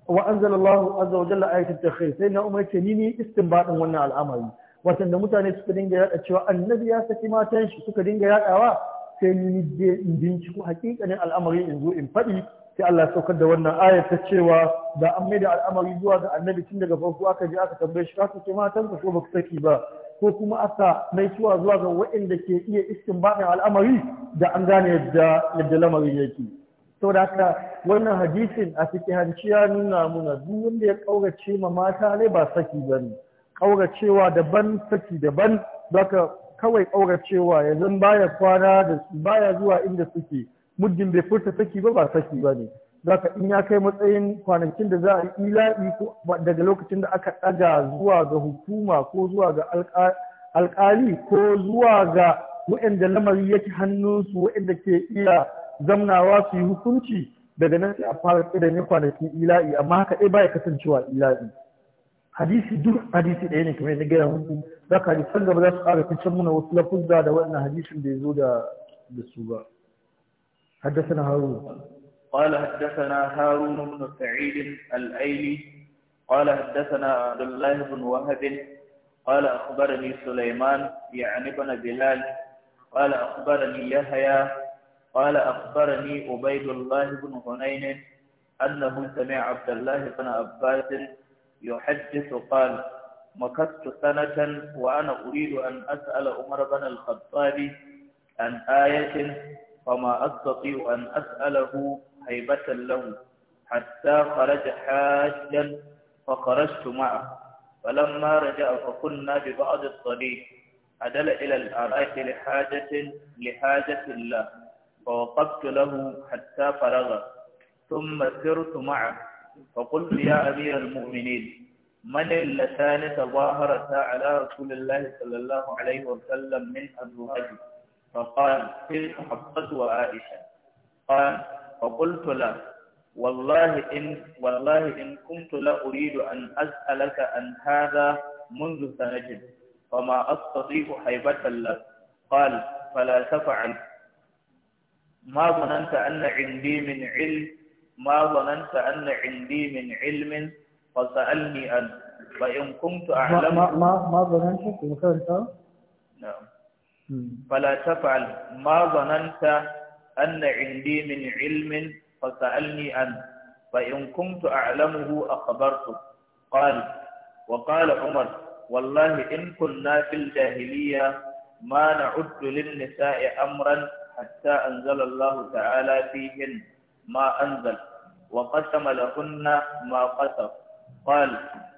A: wa anzala Allah azza wa jalla ayatul takhir sai na umar ce ni ne istinbatin wannan al'amari watanda da mutane suka dinga yada cewa annabi ya saki matan shi suka dinga yadawa sai ni je in binciko hakikanin al'amari in zo in faɗi sai Allah saukar da wannan ayar ta cewa da an mai da al'amari zuwa ga annabi tun daga farko aka je aka tambaye shi ka ce matan ku ko ba ku saki ba ko kuma aka mai cewa zuwa ga waɗanda ke iya iskin baɗin al'amari da an gane yadda yadda lamarin yake saboda haka wannan hadisin a cikin hanciya nuna muna duk wanda ya ƙaurace ma mata ne ba saki bane ƙauracewa daban saki daban zaka kawai ƙauracewa ya zan baya kwana da baya zuwa inda suke muddin bai furta saki ba ba saki ba ne zaka in ya kai matsayin kwanakin da za a yi ila'i daga lokacin da aka ɗaga zuwa ga hukuma ko zuwa ga alƙali ko zuwa ga waɗanda lamari yake hannunsu waɗanda ke iya zamnawa su yi hukunci daga nan sai a fara da ne kwanakin ila'i amma haka ɗai baya kasancewa ila'i حديث دور حديث ɗaya ne kamar yadda gaya muku za ka hadisan gaba za su ƙara kucin muna wasu lafuzza da waɗannan hadisin da da su ba حدثنا هارون
B: قال حدثنا هارون بن سعيد الأيلي قال حدثنا عبد الله بن وهب قال أخبرني سليمان يعني بن بلال قال أخبرني يحيى قال أخبرني عبيد الله بن هنين أنه سمع عبد الله بن عباس يحدث قال مكثت سنة وأنا أريد أن أسأل عمر بن الخطاب عن آية فما أستطيع أن أسأله هيبة له حتى خرج حاجا فخرجت معه فلما رجع فكنا ببعض الطريق عدل إلى الأرائك لحاجة لحاجة الله فوقفت له حتى فرغ ثم سرت معه فقلت يا أمير المؤمنين من اللتان تظاهرتا على رسول الله صلى الله عليه وسلم من أزواجه فقال تلك حفصة وعائشة قال فقلت له والله إن والله إن كنت لا أريد أن أسألك عن هذا منذ سنة فما أستطيع هيبة لك قال فلا تفعل ما ظننت أن عندي من علم ما ظننت أن عندي من علم فسألني أن فإن كنت أعلم ما
A: ما ما ظننت مكانت
B: نعم فلا تفعل ما ظننت أن عندي من علم فسألني أن فإن كنت أعلمه أخبرته قال وقال عمر والله إن كنا في الجاهلية ما نعد للنساء أمرا حتى أنزل الله تعالى فيهن ما أنزل وقسم لهن ما قسم قال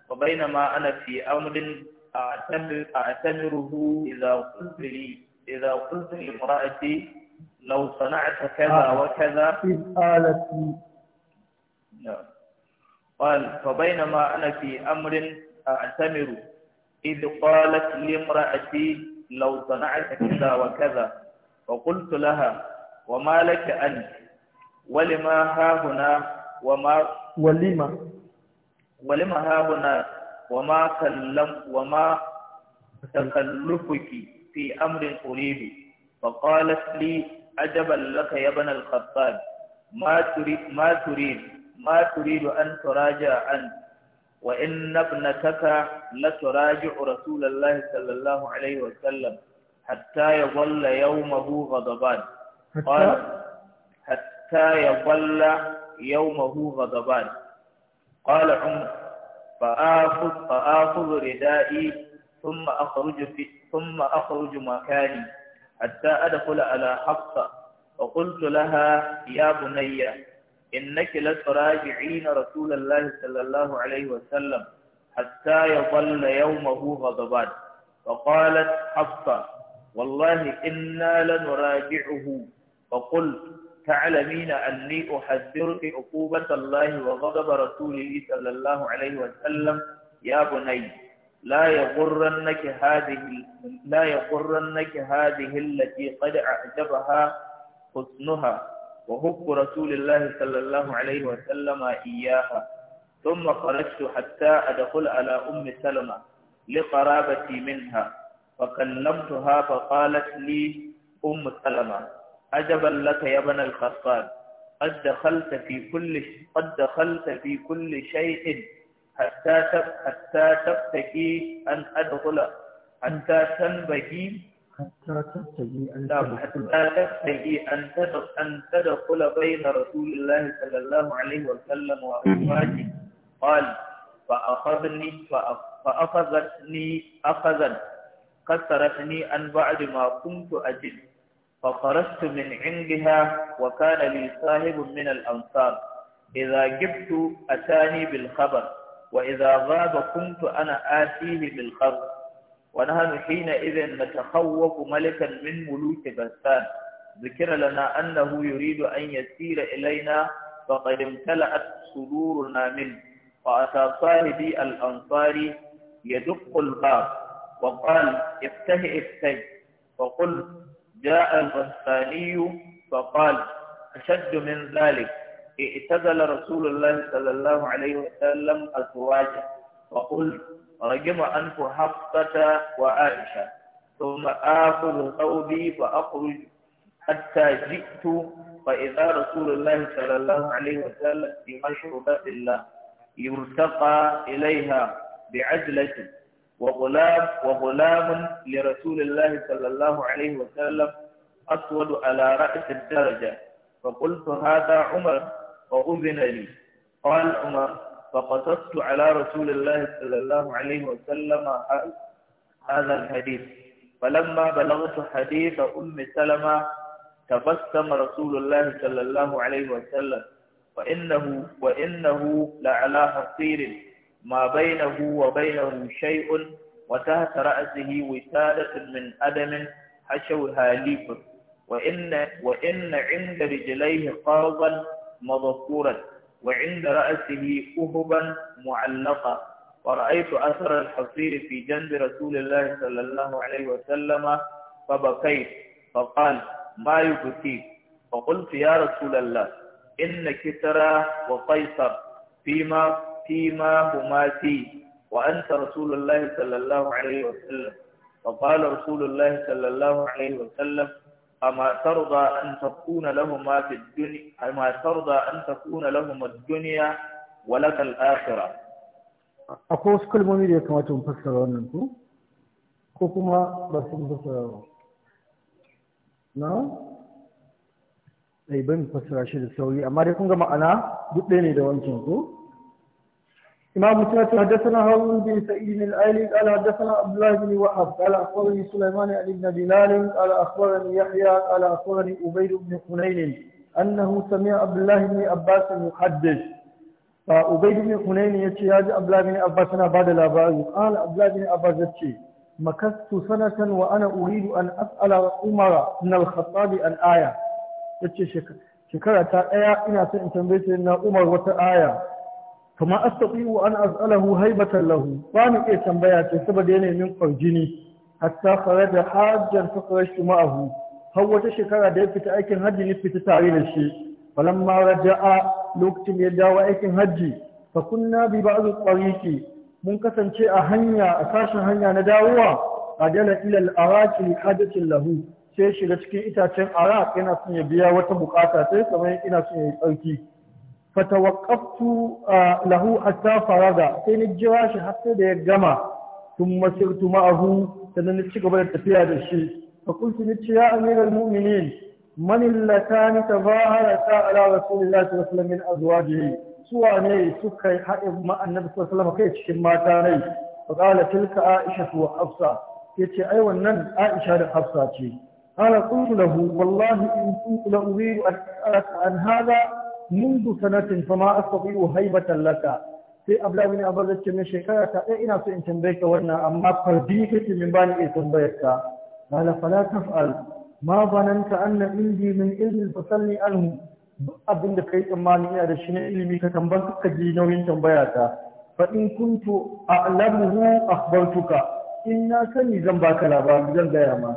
B: وبينما أنا في أمر أعتمر أعتمره إذا قلت لي إذا قلت لامرأتي لو صنعت كذا وكذا
A: إذ قالت لي
B: قال فبينما أنا في أمر أعتمر إذ قالت لامرأتي لو صنعت كذا وكذا وقلت لها وما لك أنت ولما ها هنا وما ولما ولما هاهنا وما كلم وما تكلفك في أمر أريد فقالت لي عجبا لك يا ابن الخطاب ما تريد ما تريد ما تريد أن تراجع عنه وإن ابنتك لتراجع رسول الله صلى الله عليه وسلم حتى يظل يومه غضبان قال حتى يظل يومه غضبان قال عمر فآخذ, فآخذ ردائي ثم أخرج, في ثم أخرج مكاني حتى أدخل على حفصة فقلت لها يا بني إنك لتراجعين رسول الله صلى الله عليه وسلم حتى يظل يومه غضبان فقالت حفصة والله إنا لنراجعه فقلت تعلمين أني أحذرك عقوبة الله وغضب رسوله صلى الله عليه وسلم يا بني لا يغرنك هذه لا يغرنك هذه التي قد أعجبها حسنها وحب رسول الله صلى الله عليه وسلم إياها ثم خرجت حتى أدخل على أم سلمة لقرابتي منها فكلمتها فقالت لي أم سلمة عجبا لك يا ابن الخطاب قد دخلت في كل قد دخلت في كل شيء حتى حتى تبتكي أن أدخل حتى تنبغي حتى تبتغي أن تدخل حتى تبتغي أن تدخل أن تدخل بين رسول الله صلى الله عليه وسلم وأزواجه قال فأخذني فأخذتني أخذا كسرتني عن بعد ما كنت أجد فخرجت من عندها وكان لي صاحب من الأنصار إذا جبت أتاني بالخبر وإذا غاب كنت أنا آتيه بالخبر ونحن حينئذ نتخوف ملكا من ملوك بستان ذكر لنا أنه يريد أن يسير إلينا فقد امتلأت صدورنا منه فأتى صاحبي الأنصاري يدق الباب وقال افتح افتح فقلت جاء الغساني فقال أشد من ذلك اعتزل رسول الله صلى الله عليه وسلم أزواجه وقل رجم أنف حفصة وعائشة ثم آخذ ثوبي فأخرج حتى جئت فإذا رسول الله صلى الله عليه وسلم بمشروبات الله يرتقى إليها بعجلة وغلام وغلام لرسول الله صلى الله عليه وسلم أسود على رأس الدرجة فقلت هذا عمر وأذن لي قال عمر فقصصت على رسول الله صلى الله عليه وسلم هذا الحديث فلما بلغت حديث أم سلمة تبسم رسول الله صلى الله عليه وسلم وإنه, وإنه لعلى حصير ma bainahu wa bainahum shay'un wa tahta ra'sihi wisadatun min adamin hashaw halif wa inna wa inna 'inda rijlayhi qawlan madhkuran wa 'inda ra'sihi uhuban mu'allaqa wa ra'aytu athar al-hasir fi janb rasulillahi sallallahu alayhi wa sallama fa bakayt fa qala ma yubki fa qultu ya rasulallah innaka tara wa qaisar fima فيما هما فيه وأنت رسول الله صلى الله عليه وسلم فقال رسول الله صلى الله عليه وسلم أما ترضى أن تكون لهما في الدنيا أما ترضى أن تكون لهما الدنيا ولك الآخرة
A: أقول كل من يكما تنفسر عنكم كوكما بس تنفسر نعم ai ban fassara shi da sauri amma dai kun ga ma'ana duk ɗaya ne da wancan ko إمام مسلم حدثنا هارون بن سعيد الأيلي قال حدثنا عبد الله بن وهب قال أخبرني سليمان عن ابن بلال قال أخبرني يحيى قال أخبرني أبيد بن حنين أنه سمع عبد الله بن عباس يحدث فأبيد بن حنين يتي هذا عبد الله بن عباس بعد الأباز قال عبد الله بن عباس يتي مكثت سنة وأنا أريد أن أسأل عمر بن الخطاب عن آية يتي شكرا شكرا تا آية إنا سنتنبيت لنا عمر وتا آية kama astati'u an as'alahu haibatan lahu ba ni iya tambaya ce saboda yanayin kwarjini hatta kharaja hajjan fa kharajtu ma'ahu har wata shekara da ya fita aikin hajji ne fita tare da shi falamma raja'a lokacin ya dawo aikin hajji fa kunna bi ba'd tariqi mun kasance a hanya a sashen hanya na dawowa adala ila al-araqi hadatin lahu sai shiga cikin itacen arak yana son ya biya wata bukata sai kamar ina son ya yi tsarki fatawakaftu ah, lahu hatta faraga sai ni jira shi har sai da ya gama tun masirtu ma'ahu sannan ni ci gaba da tafiya da shi fa kuntu ni ya amiral mu'minin man allatani tazaharata ala rasulillahi sallallahu alaihi wasallam min azwajihi suwa ne suka haɗe ma sallallahu alaihi wasallam kai cikin mata rai fa qala tilka aisha wa hafsa yace ai wannan aisha da hafsa ce قال قلت له Wallahi in كنت لأريد أن أسألك عن منذ سنة فما أستطيع هيبة لك sai Abdullahi ne Abbas ce mai shekara ta ɗaya ina so in tambaye ka wannan amma fardi kake min bani in tambayar ka qala fala taf'al ma bananta anna indi min ilmi fasalni anhu duk abinda ka kai tsammani ina da shi na ilimi ka tambar ka ji nauyin tambaya ta fa in kuntu a'lamuhu akhbartuka in na sani zan baka labari zan gaya ma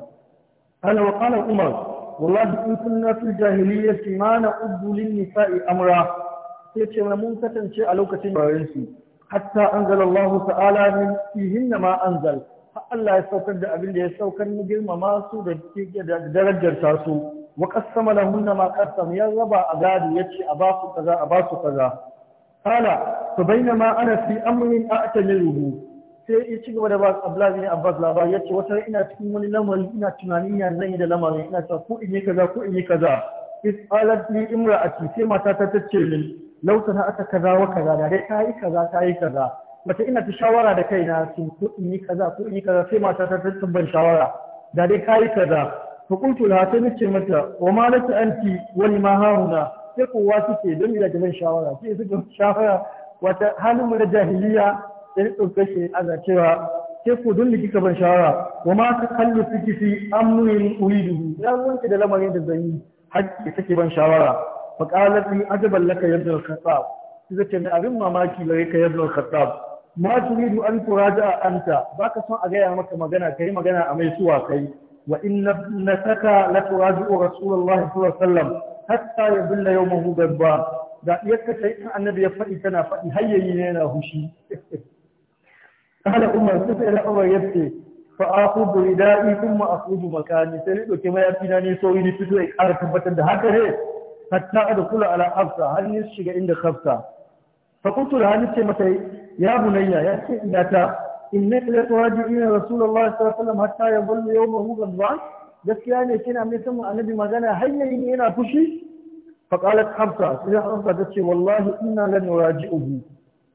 A: qala wa qala umar wallahi in kunna fil jahiliyyati ma na'uddu lin nisa'i amra sai ce mun kasance a lokacin bayan su hatta anzala Allah ta'ala min fihinna ma anzal Allah ya saukar da abin da ya saukar na girmama su da darajar su wa qassama lahunna ma qassam ya raba a gadi ce a ba su kaza a ba su kaza qala fa bainama ana fi amrin a'tamiruhu sai ya ci gaba da ba Abdullahi bin Abbas labari yace wata ina cikin wani lamari ina tunanin ya zan yi da lamarin ina ta ko in yi kaza ko in yi kaza is alat li imra'ati sai mata ta tace min law sana aka kaza wa kaza da dai tayi kaza tayi kaza mata ina ta shawara da kaina sun ko in yi kaza ko in yi kaza sai mata ta tace ban shawara da dai kayi kaza fa qultu laha sai nace mata wa ma laki anti wa sai kowa suke don da ban shawara sai suka shawara wata halin mu da jahiliya sai ɗauke shi aza cewa sai ku dun da kika ban shawara wa ma ka kallu fiki fi amrin uridu na wanke da lamarin da zan yi hakki take ban shawara fa qalat li ajaban laka ya ibn sai ce ni abin mamaki gare ka ya ibn ma turidu an turaja anta baka son a gaya maka magana kai magana a mai suwa kai wa inna nasaka la turaji'u rasulullahi sallallahu alaihi wasallam hatta yabulla yawmahu gabba da iyakka sai annabi ya faɗi tana faɗi hayyayi ne yana hushi قال عمر سئل عمر يبكي فاخذ ردائي ثم اخرج مكاني سئل دوك ما يبينا ني سوي ني فتو اكار تبتن ده هكا هي حتى ادخل على حفصه هل يشيغ عند حفصه فقلت لها نتي متى يا بني يا سي داتا انك لا تواجهين رسول الله صلى الله عليه وسلم حتى يظل يومه غضبان gaskiya ne kina mai san annabi magana hayyayi ne yana fushi faqalat hamsa sai hamsa ta ce wallahi inna lan nuraji'uhu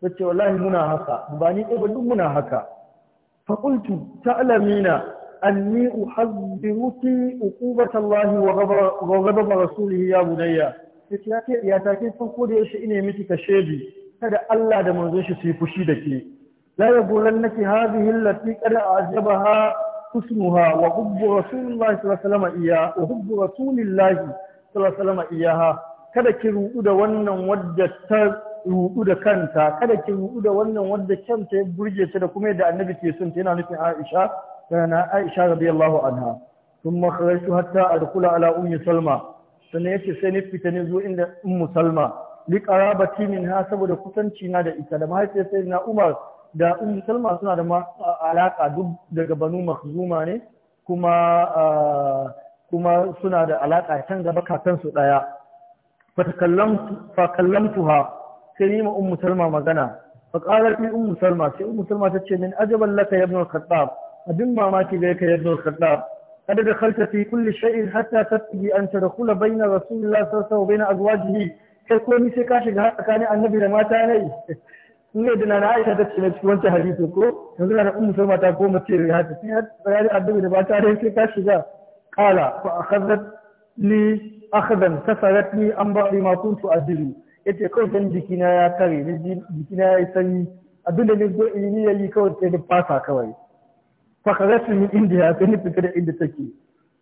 A: ta ce wallahi muna haka ba ni ɗaya duk muna haka faƙultu ta anni uhaddiruki uqubata Allahi wa ghadaba rasulihi ya bunayya yace ya ke ya take san ko da yaushe ina miki kashedi kada Allah da manzon shi su yi fushi da ke la yagulannaki hadhihi allati qad ajabaha husnuha wa hubbu rasulillahi sallallahu alaihi iya wa hubbu rasulillahi sallallahu alaihi kada ki rudu da wannan wadda ta rudu da kanta kada ki rudu da wannan wanda kanta ya burge ta da kuma yadda annabi ke son ta yana nufin Aisha kana Aisha radiyallahu anha thumma makarantu hatta adkhula ala ummi Salma sannan yace sai ni fita ne zo inda ummu Salma li qarabati ha saboda kusanci na da ita da mahaifiyar sayyidina Umar da ummu Salma suna da alaka duk daga Banu Makhzuma ne kuma kuma suna da alaka can gaba kakan su daya fa takallamtu fa kallamtuha كريم أم سلمة مغنى فقالت لي أم سلمة أم سلمة تتشي من أجب لك يا ابن الخطاب أدم ما ماتي بيك يا ابن الخطاب أنا دخلت في كل شيء حتى تبقي أن تدخل بين رسول الله صلى الله عليه وسلم وبين أزواجه كالكوة ميسي كاشي غاتا كاني أن نبي رماتا ني إنه دنا نعيش هذا الشيء نفسك وانت حديثك نقول أنا أم سلمة تقوم متشيري هذا الشيء فقال لي أدبي رماتا ني كاشي غاتا قال فأخذت لي أخذا سفرتني أنبأ لما كنت أدري ya kawai san jikina ya kare jikina ya yi sanyi abinda ne zo yi ya yi kawai sai da fasa kawai fakarasu min ya sai ni fita da inda take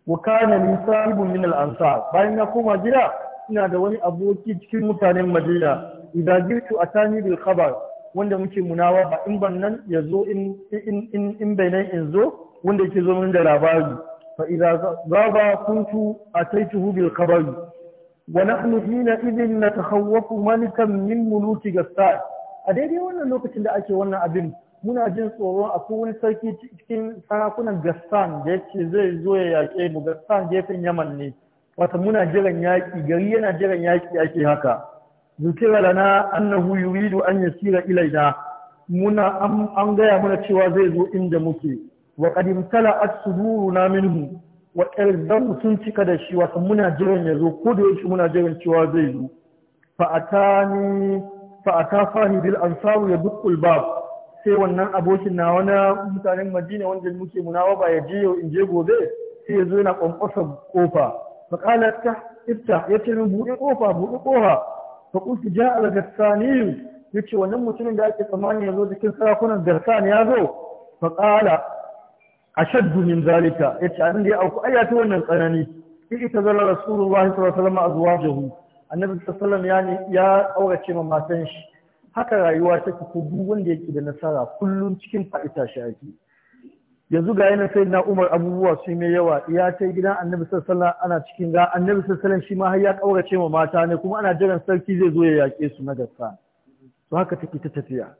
A: wa kana min min al bayan na koma gida ina da wani aboki cikin mutanen madina idan jirtu atani bil khabar wanda muke munawa ba in ban nan ya zo in in in bai nan in zo wanda yake zo min da labari fa idza zaba kuntu ataituhu bil ونحن حينئذ نتخوف ملكا من ملوك غسان a daidai wannan lokacin da ake wannan abin muna jin tsoro akwai wani sarki cikin sarakunan gassan da yake zai zo ya yaƙe mu gassan gefen yaman ne wata muna jiran yaƙi gari yana jiran yaƙi ake haka zukira lana annahu yuridu an yasira ilaina muna an gaya mana cewa zai zo inda muke wa qad imtala'at suduruna minhu waɗannan sun cika da shi wasu muna jiran ya zo ko da yake muna jiran cewa zai zo a ta fani bil ansaru ya duk bab sai wannan abokin na wani mutanen madina wanda muke munawa ba ya je yau in je gobe sai ya zo yana ƙwanƙwasa kofa fa qala ta ifta ya ce min buɗe kofa buɗe kofa fa qultu ja'a al gassani yace wannan mutumin da ake tsammani ya zo cikin sarakunan garsan ya zo fa ƙala. ashaddu min zalika yace an dai auku ayya ta wannan tsanani sai ita zalla rasulullahi sallallahu alaihi wasallam azwajahu annabi sallallahu alaihi wasallam ya aurace ma matan shi haka rayuwa take ko duk wanda yake da nasara kullun cikin fa'ita shi ake yanzu ga yana sai na umar abubuwa su mai yawa ya ta gidan annabi sallallahu ana cikin ga annabi sallallahu shi ma har ya aurace ma mata ne kuma ana jiran sarki zai zo ya yake su na gaskiya to haka take ta tafiya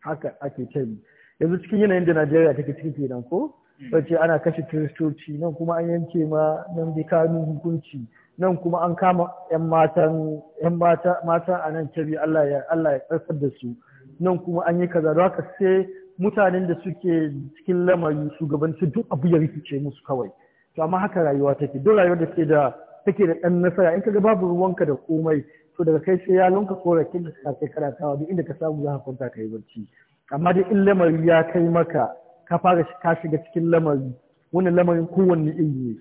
A: haka ake ta yi yanzu cikin yanayin da Najeriya take ke kenan ko hmm. bace ana kashe kiristoci nan kuma an yanke ma nan kanun hukunci nan kuma an kama yan matan yan mata mata a nan tabi Allah ya Allah ya tsarkar da su nan kuma an yi kaza da haka sai mutanen da suke cikin lamari shugabanci duk abu ya rikice musu kawai to amma haka rayuwa take duk rayuwar da take da take da dan nasara in kaga babu ruwanka da komai to daga kai sai ya lunka korakin da kake karatawa duk inda ka samu za ka kwanta ka yi barci amma dai in lamari ya kai maka ka fara ka shiga cikin lamari wani lamarin kowanne iri ne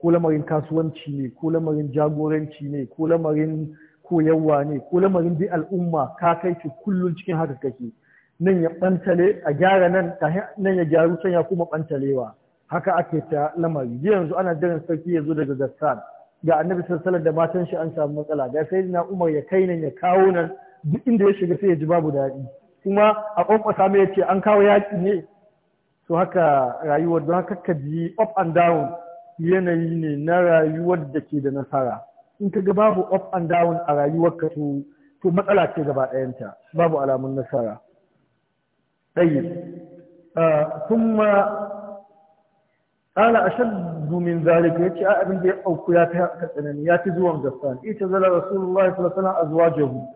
A: ko lamarin kasuwanci ne ko lamarin jagoranci ne ko lamarin koyarwa ne ko lamarin bi al'umma ka kai ki kullun cikin haka kake nan ya bantale a gyara nan nan ya gyaru can ya kuma bantalewa haka ake ta lamari yanzu ana jiran sarki ya zo daga Gassan ga annabi sallallahu da matan shi an samu matsala ga sai na Umar ya kai nan ya kawo nan duk inda ya shiga sai ya ji babu daɗi kuma a kwankwasa mai ce an kawo yaƙi ne to haka rayuwar don haka ka ji up and down yanayi ne na rayuwar da ke da nasara in ka ga babu up and down a rayuwar ka to to matsala ce gaba ɗayanta babu alamun nasara ɗayi kuma ah, ƙala a shaddu min zalika ya ce a abin da ya auku ya ta tsanani ya fi zuwan gassan ita zala rasulullahi sallallahu alaihi wasallam nan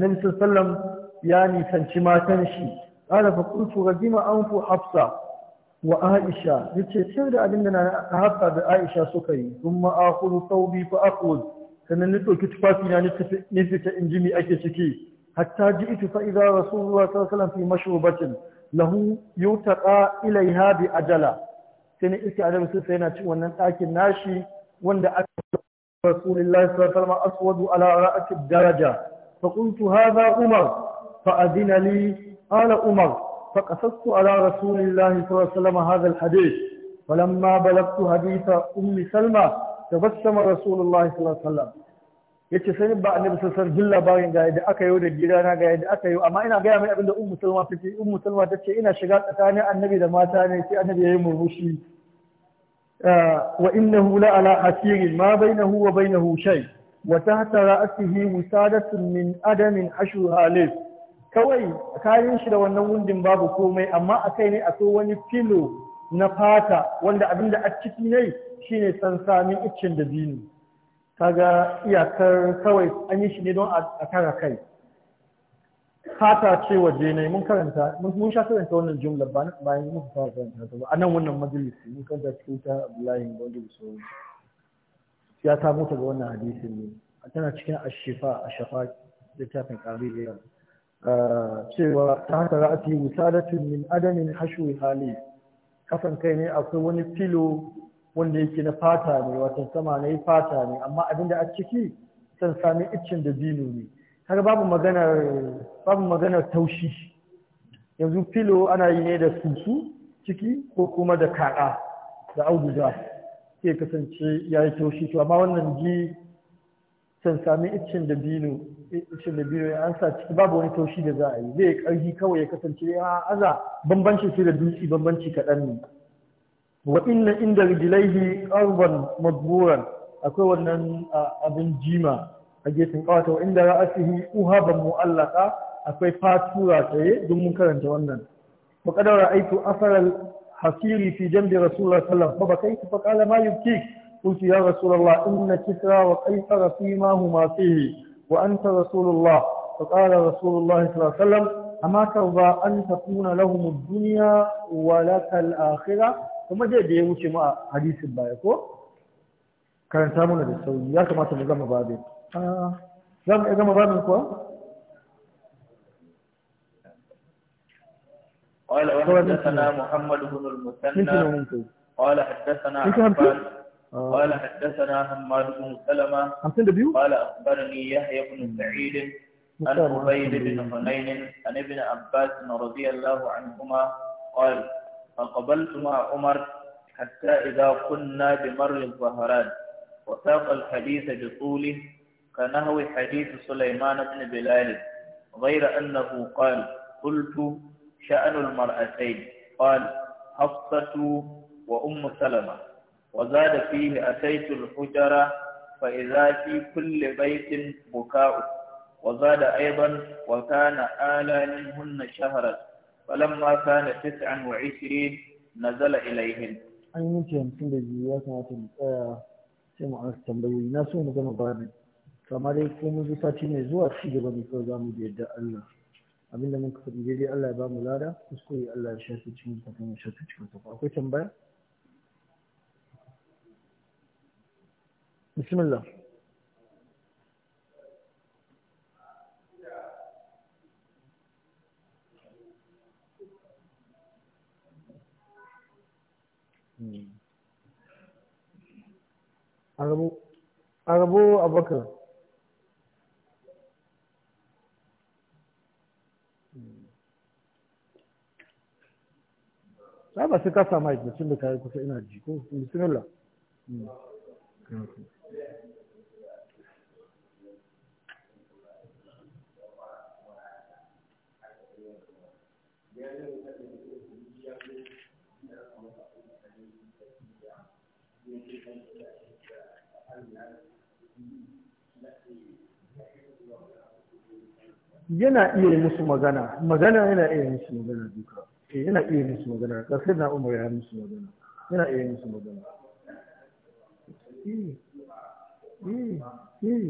A: annabi sallallahu ya nisanci matan shi qala fa qultu radima anfu hafsa wa aisha yace sai da abin da na hafsa da aisha suka yi thumma akhudhu thawbi fa sannan ni ɗauki tufafi na ni ta injini ake ciki hatta ji ita fa idza rasulullah sallallahu alaihi wasallam fi mashrubatin lahu yutaqa ilaiha bi ajala sai ni iska adam sai yana cin wannan ɗakin nashi wanda aka rasulullah sallallahu alaihi wasallam aswadu ala ra'ati daraja fa qultu hadha umar فأذن لي قال عمر فقصصت على رسول الله صلى الله عليه وسلم هذا الحديث فلما بلغت حديث أم سلمة تبسم رسول الله صلى الله عليه وسلم yace sai ba annabi sallallahu alaihi wasallam labarin ga yadda aka yi da gidana ga yadda aka yi amma ina gaya mai abin da ummu salma take ummu salma tace ina shiga tsakanin annabi da mata ne sai annabi yayi murmushi wa innahu la ala asirin ma bainahu wa bainahu shay wa tahta ra'sihi musadatun min adamin ashru halif kawai kayan shi da wannan wundin babu komai amma a kai ne a so wani filo na fata wanda abin da a ciki ne shine sansamin iccin da binu kaga iyakar kawai an yi shi ne don a kara kai fata ce waje ne mun karanta mun sha karanta wannan jumla bayan mun fara karanta ta ba anan wannan majalisi mun karanta cikin ta Abdullahi da wanda ya ta mutu ga wannan hadisin ne tana cikin ashifa ashafa littafin qari da cewa ta haka fi misalatun min adamin hashwi hali kasan kai ne akwai wani filo wanda yake na fata ne wata sama na yi fata ne amma abin da a ciki san sami iccen da dino ne har babu maganar babu maganar taushi yanzu filo ana yi ne da susu ciki ko kuma da kaɗa da auduga sai kasance ya yi taushi to amma wannan ji san sami iccen dabino da binu ya ansa ciki babu wani taushi da za a yi zai karfi kawai ya kasance ya aza bambanci shi da dutse bambanci kaɗan ne wa inna inda rijlaihi qarban madburan akwai wannan abin jima a gefen kawata wa inda ra'asihi uhaban mu'allaka akwai fatura tsaye don mun karanta wannan wa qadara aitu asaral hasiri fi jambi rasulullah sallallahu alaihi wasallam fa bakaitu fa qala ma yubkik قلت يا رسول الله إن كسرى وقيصر فيما هما فيه وأنت رسول الله فقال رسول الله صلى الله عليه وسلم أما ترضى أن تكون لهم الدنيا ولك الآخرة ثم جاء da مع حديث البايكو كان سامونا baya يا كما تنظم da sauri إذا ما mu
B: قال وحدثنا محمد بن المثنى قال حدثنا عبان قال حدثنا حماد بن سلمة قال أخبرني يحيى بن سعيد عن عبيد بن حنين عن ابن عباس رضي الله عنهما قال فقبلت مع عمر حتى إذا كنا بمر الظهران وساق الحديث بطوله كنهو حديث سليمان بن بلال غير أنه قال قلت شأن المرأتين قال حفصة وأم سلمة وزاد فيه أتيت الحجرة فإذا في كل بيت بكاء وزاد أيضا وكان آلى منهن شهرا فلما كان تسعا وعشرين نزل إليهن
A: أي ممكن يمكن بجيات sai mu ansa tambayoyi na so mu gama babin kama dai ko mun zo mai zuwa ci gaba ne kawai zamu da yadda Allah abinda mun kafa daidai Allah ya ba mu lada kuskure Allah ya shafe cikin kafin ya shafe cikin akwai tambaya بسم الله hmm. arabu abubakar hmm. ba sai ka samu aikacin da kayan kusa ina jiko bismillah hmm. yana iya musu magana magana yana iya musu magana duka eh, yana iya musu magana kasar na umar ya musu magana yana iya musu magana eh. Hmm, hmm.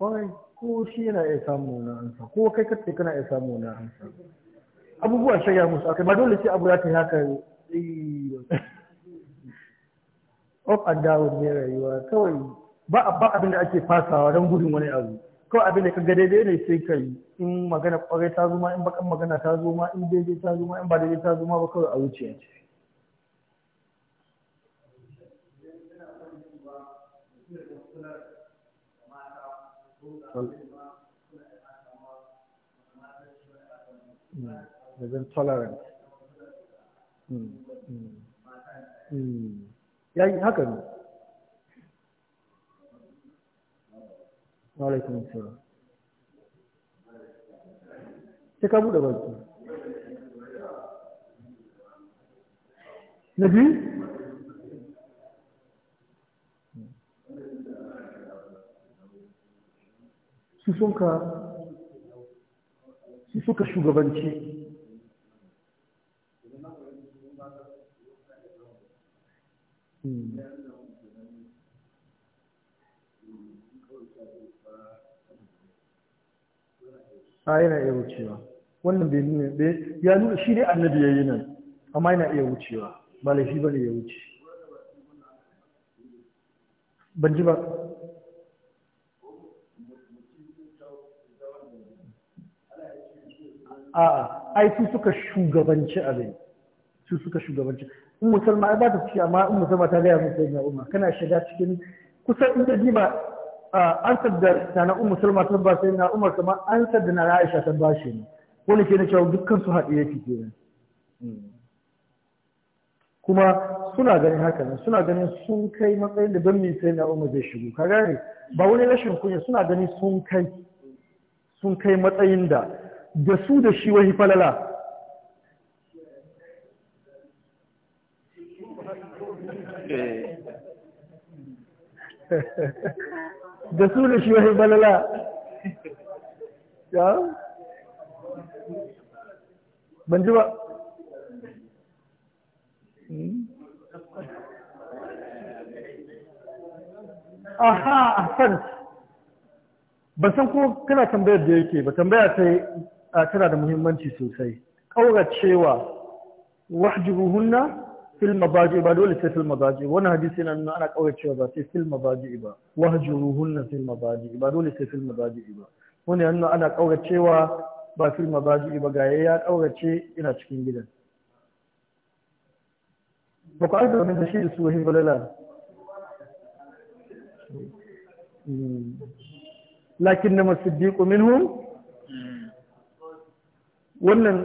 A: Kawai ko shi yana iya samu na ansa ko kai kace kana iya samu na ansa abubuwa shirya musu akai ba dole sai abu ya ta yi haka eh, up and down ne rayuwa kawai ba ba abin da ake fasawa don gudun wani abu kawai abin da ka ga daidai ne sai ka yi in magana kwarai ta zo ma in bakan magana ta zo ma in daidai ta zo ma in ba daidai ta zo ma ba kawai a wuce wajen tolerance ya yi haka ne sai ka buɗe baki na biyu shi suka shugabanci a ah, yana iya wucewa wannan bai nuna ya nuna shi ne annabi ya yi nan amma yana iya wucewa ba laifi ba ne ya wuce ban ji ba a'a ai su suka shugabanci abin su suka shugabanci in musulma ba ta fushi amma in musulma ta gaya musu na umma kana shiga cikin kusan in da jima an sadda ta na umma musulma ta ba sai na umar kamar an sadda na Aisha ta ba shi ne wani ke na cewa dukkan su haɗe yake kenan kuma suna ganin haka nan suna ganin sun kai matsayin da ban mai sai na zai shigo ka gane ba wani rashin kunya suna ganin sun kai sun kai matsayin da da su da shi wani falala eh. da su da shi wani falala ya ban ji ba hmm? aha a san ba san ko kana tambayar da yake ba tambaya sai tana da muhimmanci sosai kauracewa wahjuruhunna fil mabaji ba dole sai fil mabaji wannan hadisi yana nuna ana kauracewa ba sai fil mabaji ba wahjuruhunna fil mabaji ba dole sai fil mabaji ba wannan yana nuna ana kauracewa ba fil mabaji ba ga ya kaurace ina cikin gidan ba ku aika wani shi da su wahin balala hmm. lakin na masu minhum wannan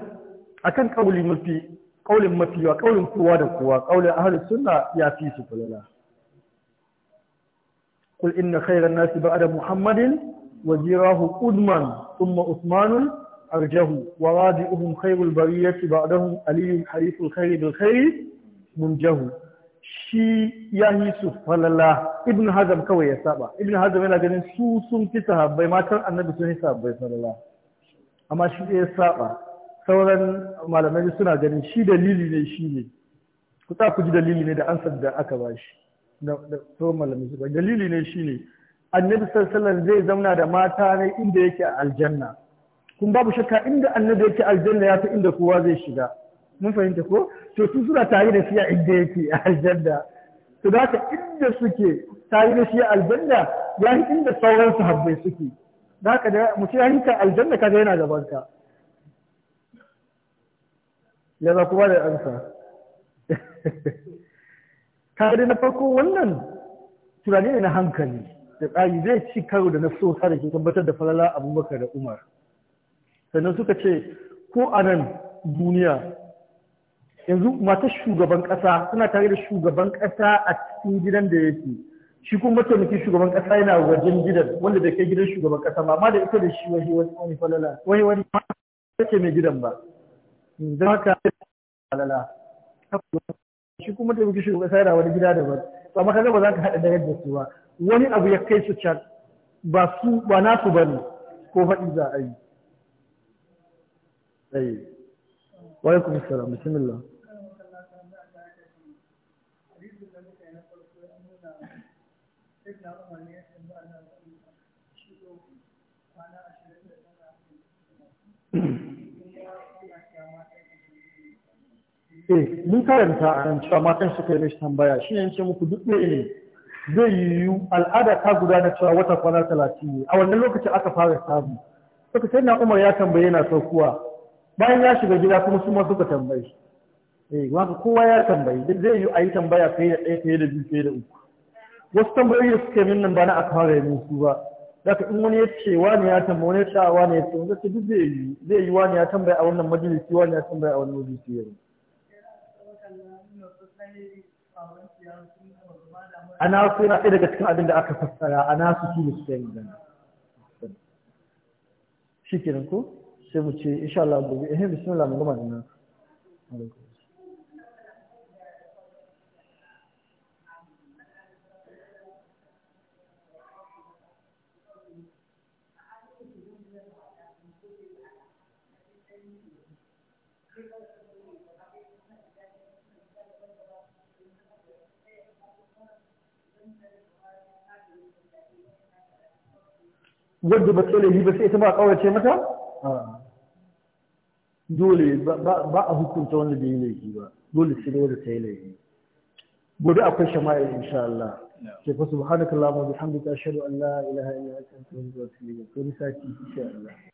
A: akan kauli mafi kaulin mafi yawa kaulin kowa da kowa kaulin ahli sunna ya fi su falala قل إن Muhammadin, Wazirahu بعد Umma Usmanu arjahu. Waraji عثمان أرجه ورادئهم خير البرية بعدهم علي حريف الخير بالخير منجه shi ya yi su falala ibn hazam kawai ya saba ibn hazam yana ganin su sun fi sahabbai matan annabi sun yi sahabbai falala amma shi ya saba sauran malamai suna ganin shi dalili ne shi ne ku ta ku ji dalili ne da ansar da aka ba shi da sauran malamai suka dalili ne shi ne annabi sallallahu zai zauna da mata ne inda yake a aljanna kun babu shakka inda annabi yake aljanna ya fi inda kowa zai shiga mun fahimta ko to su suna tare da shi a inda yake a aljanna to da haka inda suke tare da shi a aljanna ya inda sauran sahabbai suke da haka da mutum ya hinka aljanna kaga yana gaban ka ya za kuma da ansa. kare na farko wannan tunani ne na hankali da tsari zai ci karo da na so da ke tabbatar da falala abubakar da umar sannan suka ce ko a nan duniya yanzu mata shugaban ƙasa suna tare da shugaban ƙasa a cikin gidan da yake shi kuma mataimakin shugaban ƙasa yana wajen gidan wanda bai kai gidan shugaban ƙasa ba amma da ita da shi wani falala wani wani ce mai gidan ba don haka alala shi kuma ta wuce sai da wani gida daban to amma kaga ba za ka haɗa da yadda su ba wani abu ya kai su can ba su ba nasu bane ko faɗi za a yi ai wa alaikum assalam bismillah Mm-hmm. eh mun karanta a nan cewa matan suka yi mishi tambaya shi ne ce muku duk ne zai yiwu al'ada ta gudana cewa wata kwana talatin ne a wannan lokacin aka fara samu suka sai na umar ya tambaye na saukuwa bayan ya shiga gida kuma su ma suka tambaye eh wanda kowa ya tambaye duk zai yiwu a yi tambaya fiye da ɗaya fiye da biyu fiye da uku wasu tambayoyi da suka yi min nan ba na aka fara yi musu ba ka in wani ya ce wani ya tambaye wani ya ce wani ya ce wani ya ce duk zai yiwu zai yiwu wani ya tambaya a wannan majalisi wani ya tambaya a wannan majalisi yanzu
B: ana su yana ɗaya daga cikin abin da
A: aka fassara ana su su ne su yi gani shi kenan ko sai mu ce sha Allah gobe ehem bismillah mu gama da nan wadda ba tsole ba sai ita ba kawace mata ah. dole ba a hukunta wanda bai yi laifi ba dole sai da wadda ta yi laifi gobe akwai shama'il insha Allah ke fa subhanakallahumma bihamdika ashhadu an la ilaha illa anta astaghfiruka wa atubu ilayk ko misaki insha Allah